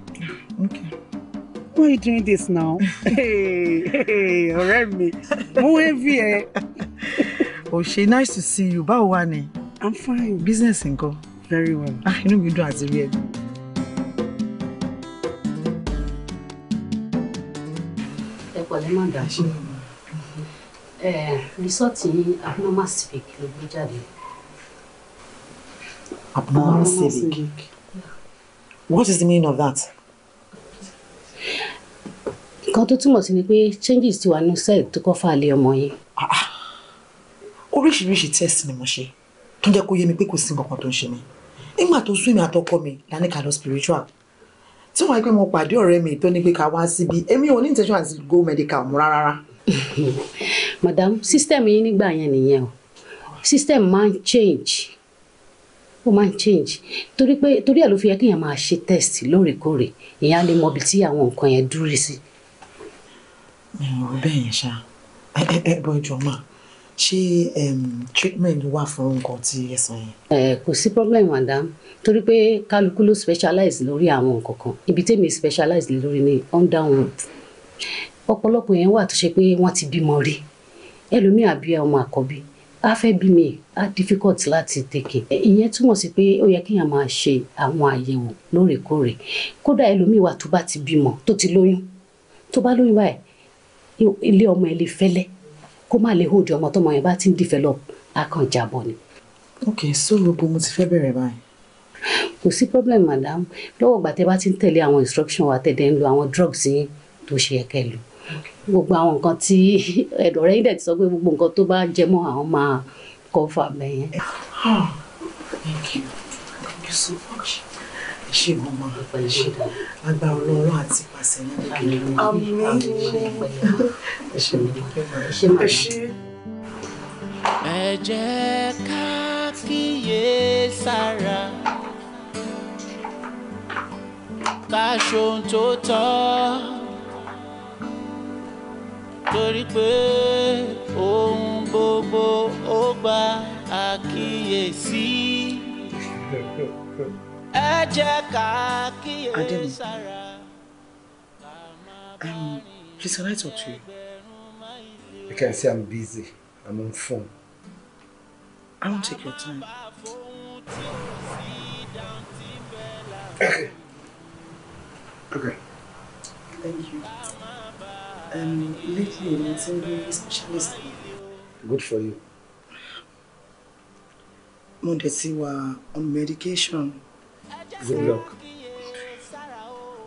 are you doing this now? hey, hey, ọ̀rẹ́ mi, mo wé vi ẹ. Òṣè, oh, nice to see you. Báwo wà ni? I'm fine. Business ńkọ́? Very well. Ah, inú mi dùn àti rí ẹ. Ẹ pọ̀lẹ́ má dà ṣe. Mm-hmm. Eh, Rìsọ́ọ̀tì abnormal civic ló gbé jáde. Abnormal civic? What is the meaning of that? nǹkan tó túmọ̀ sí ni pé changes ti wà nínú cell tó kọ́ fàálẹ̀ ọmọ yẹn. Ah, ah. oríṣiríṣi test ni mo ṣe tó jẹ́ kó yé mi pé kò sí nǹkan tó ń ṣe mí nígbà tó sún mi àtọkọ mi lánàá lọ spiritual tí wọ́n á pẹ́ mo pàdé ọ̀rẹ́ mi tó ní pé ká wá síbi èmi ò ní intention àti go medical mú rárá. madam system yín nígbà yẹn nìyẹn o system máa ń change ó máa ń change torí pé torí ẹ̀ ló fi yẹ kéèyàn máa ṣe test lóòrèkóòrè èèyàn á lè mọ ibi tí àwọn nǹkan yẹn dúró sí mi ò rò bẹ́ẹ̀ yẹn ṣá ẹ ṣé treatment wà fún nǹkan tí ẹ sọ yẹn. kò sí problem madam torí pé kálukú ló specialize lórí àwọn nǹkan kan ibi tèmi specialize lórí ni under one roof ọ̀pọ̀lọpọ̀ yẹn wà tó ṣe pé wọ́n ti bímọ rí ẹlòmíì àbí ọmọ àkọ́bí a fẹ́ bímọ a difficult láti tèkè ìyẹn túmọ̀ sí pé ó yẹ kéèyàn máa ṣe àwọn àyẹ̀wò lóòrèkóòrè kódà ẹlòmíì wà tó bá ti bímọ tó ti lóyún tó bá lóyún báyìí ilé ọmọ ẹ lè fẹ́lẹ́ kó má lè hold ọmọ tọmọ yẹn bá ti ń develop á kàn jábọ́ ni. ok so gbogbo mo ti fẹ́ bẹ̀rẹ̀ báyìí. kò sí problem madam lọ́wọ́ ìgbà tẹ́ bá ti ń tẹ̀lé àwọn instruction wa tẹ̀dẹ̀ ń lo àwọn drugs yín tó ṣe yẹ kẹ́ lò gbogbo àwọn nǹkan tí ẹ̀dọ̀ rẹ̀ yín dẹ̀ ti sọ pé gbogbo nǹkan tó bá jẹ mọ́ àwọn máa kọ́ fà bẹ́yẹn. Ah, thank you thank you so much ṣe mọ́mọ́ agbára ọlọ́run àti pàṣẹ ní kékeré lórí àmì ẹ jẹ́ ká kíyè sára ká ṣohun tó tọ́ torí pé ohun gbogbo ó gba àkíyèsí ẹ jẹ́ Um, please can I talk to you? You can see I'm busy. I'm on phone. I won't take your time. Okay. Okay. Thank you. Um, lately I'm attending a specialist. Good for you. Mo dẹ̀ on medication. Good luck.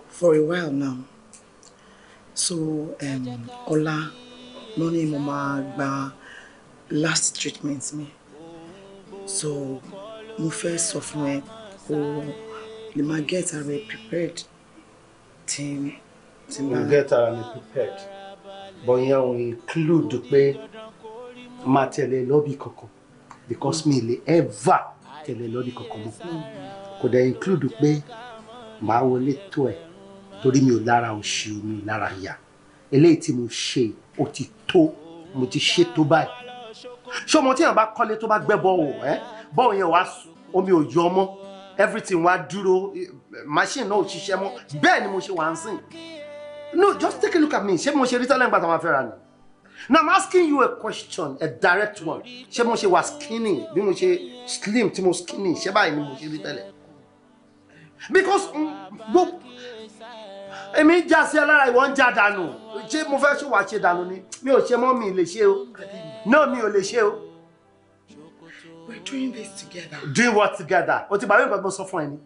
For a while now. So, um, Ọlá ló ní gba last treatment me. So, my first of me, ẹ kó lè máa prepared. team. tí we get ara mi prepared. Bọ̀yá we include pé máa tẹ̀lé lobby coco, because me lè ever tẹ̀lé lọ́bì kankan kò dẹ̀ include pé màá wọlé tó ẹ̀ torí mi ò lára oṣù mi lára ìyá eléyìí tí mo ṣe ó ti tó mo ti ṣe tó báyìí ṣé ọmọ tí yàn bá kọ́lé tó bá gbẹ́ bọ́ọ̀ ẹ́ bọ́ọ̀ yẹn wá omi ò yọ ọmọ everything wá dúró machine náà ò ṣiṣẹ́ mọ́ bẹ́ẹ̀ ni mo ṣe wà ń sìn no just take a look at me ṣé mo ṣe rí tẹ́lẹ̀ nígbà tí wọ́n fẹ́ ra ni now i'm asking you a question a direct one ṣé mo ṣe wa skinny bí mo ṣe slim tí mo skinny ṣé báyìí ni mo ṣe rí tẹ́lẹ̀ because mm, gbogbo èmi ń já sí ẹ lára ìwọ ń já dànù ṣé mo fẹ́ ṣe wàá ṣe dànù ni mi ò ṣe mọ́ mi lè ṣe o no mi ò lè ṣe o. we're doing this together. doing what together o ti gbàgbé nǹkan tó sọ fún ẹ ni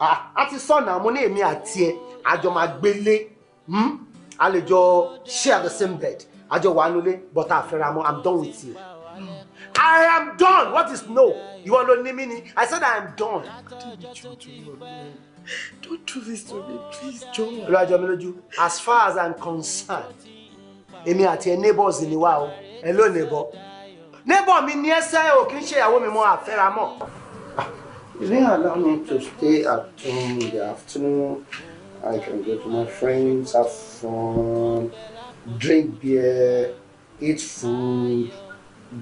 ah, a ti sọ̀nà mo ní èmi àti ẹ àjọ máa gbélé hmm? a lè jọ share the same bed àjọ wà nílé but àfẹ́ra mọ́ i'm done with you. I am done. What is no? You are not naming me? I said I am done. Don't do this to me, please, John. Olúwàjọ mi lójú, as far as I'm concerned, èmi àti ẹ neighbors ni wá o, hello neighbor. Neighbor mi ní ẹsẹ̀ ò kí ń ṣe ìyàwó mi mọ́ You didn't allow me to stay at home in the afternoon. I can go to my friends, have fun, drink beer, eat food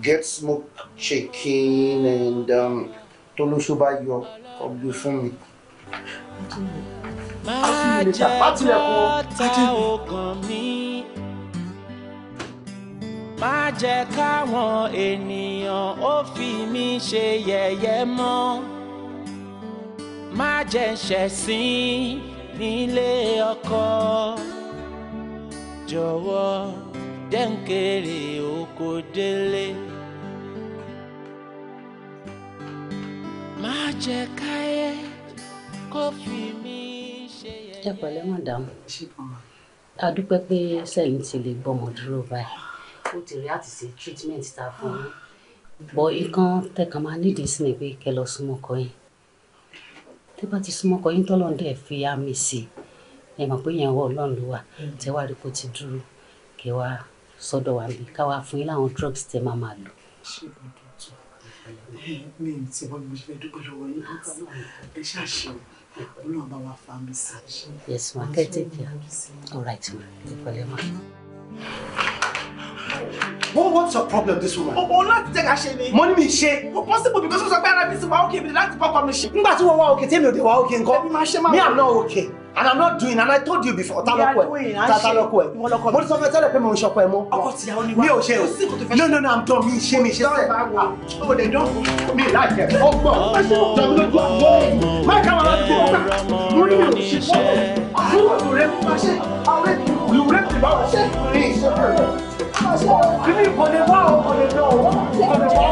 get smoked chicken and um, tolóṣó bá yọ ọgbẹ fún mi. má jẹ́ ọ̀tá ọkàn mi má jẹ́ káwọn ènìyàn ó fi mí ṣe yẹ̀yẹ́ mọ́ má jẹ́ ṣẹ̀sín dẹ́ńkèrè oko má jẹ́ káyé kó fi mí ṣe yẹ̀yẹ́. ẹ pẹ̀lẹ́ madam a dúpẹ́ pé sẹ́yìn ti lè gbọ́mọ dúró báyìí ó ti rí àti ṣe treatment ta fún yín bọ ikán tẹkàn máa nídìí sí ni pé kẹ́ lọ súnmọ́ kọ yín tẹ́ bá ti súnmọ́ kọ yín tọ́lọ́ ń dẹ̀ fi àmì sí i ẹ mọ̀ pé ìyẹn wọ ọlọ́run ló wà mm. tẹ́ rí kó ti dúró kẹ́ sọ́dọ̀ wa bí káwa fún yín láwọn drugs tẹ máa máa lò. mi ò tí wọ́n gbèsè dúpẹ́ lọ́wọ́ yín ẹ ṣàṣe olóò bá wa fa mi sí. yes ma kẹ́tẹ́ kí a all right ma ẹ pẹ̀lẹ́ ma. What, what's your problem this woman? Ọ̀pọ̀ láti jẹ́ ká ṣe ni. Mo ní mi ṣe. Kò possible because ó sọ pé ara mi ti wá òkè mi láti pọ́pọ́ mi ṣe. Nígbà tí wọ́n wá òkè tí èmi ò dé wá òkè nǹkan. Ẹbí máa ṣe máa wọ. Mi àná òkè and i'm not doing and i told you before ta lọkọ ẹ ta lọkọ ẹ mo sọ fún ẹ tẹ́lẹ̀ pé mo ń ṣọpọ ẹ mọ mi ò ṣe o no no no i'm done mi ṣe mi ṣe sẹ o ah, lè dán mi láìpẹ́ ọgbọ jọmọlọgbọ wọlé má ká wà láti gbọ gbà mo ní mi ò ṣe sọ fún òtún rẹ mo máa ṣe àwẹ ìlú rẹ ti bá wà ṣe ní ìṣẹfẹ rẹ kí ni ìkọlẹ wá ọkọlẹ náà wọn kọlẹ wá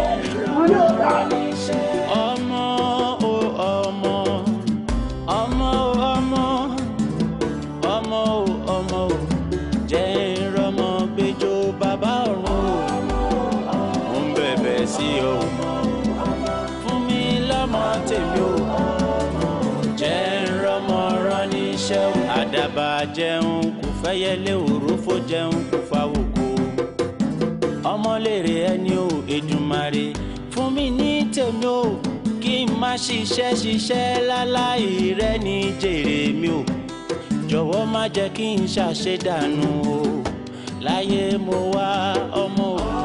mo ní ọjà. jẹun kò fàwòkò ọmọlèrè ẹni o Èdùmàrè fún mi ní tèmi o kí n má ṣiṣẹ́ ṣiṣẹ́ láláì rẹ ní jèrè mi o jọ̀wọ́ má jẹ́ kí n ṣàṣedànù o láyé mo wá ọmọ òkú.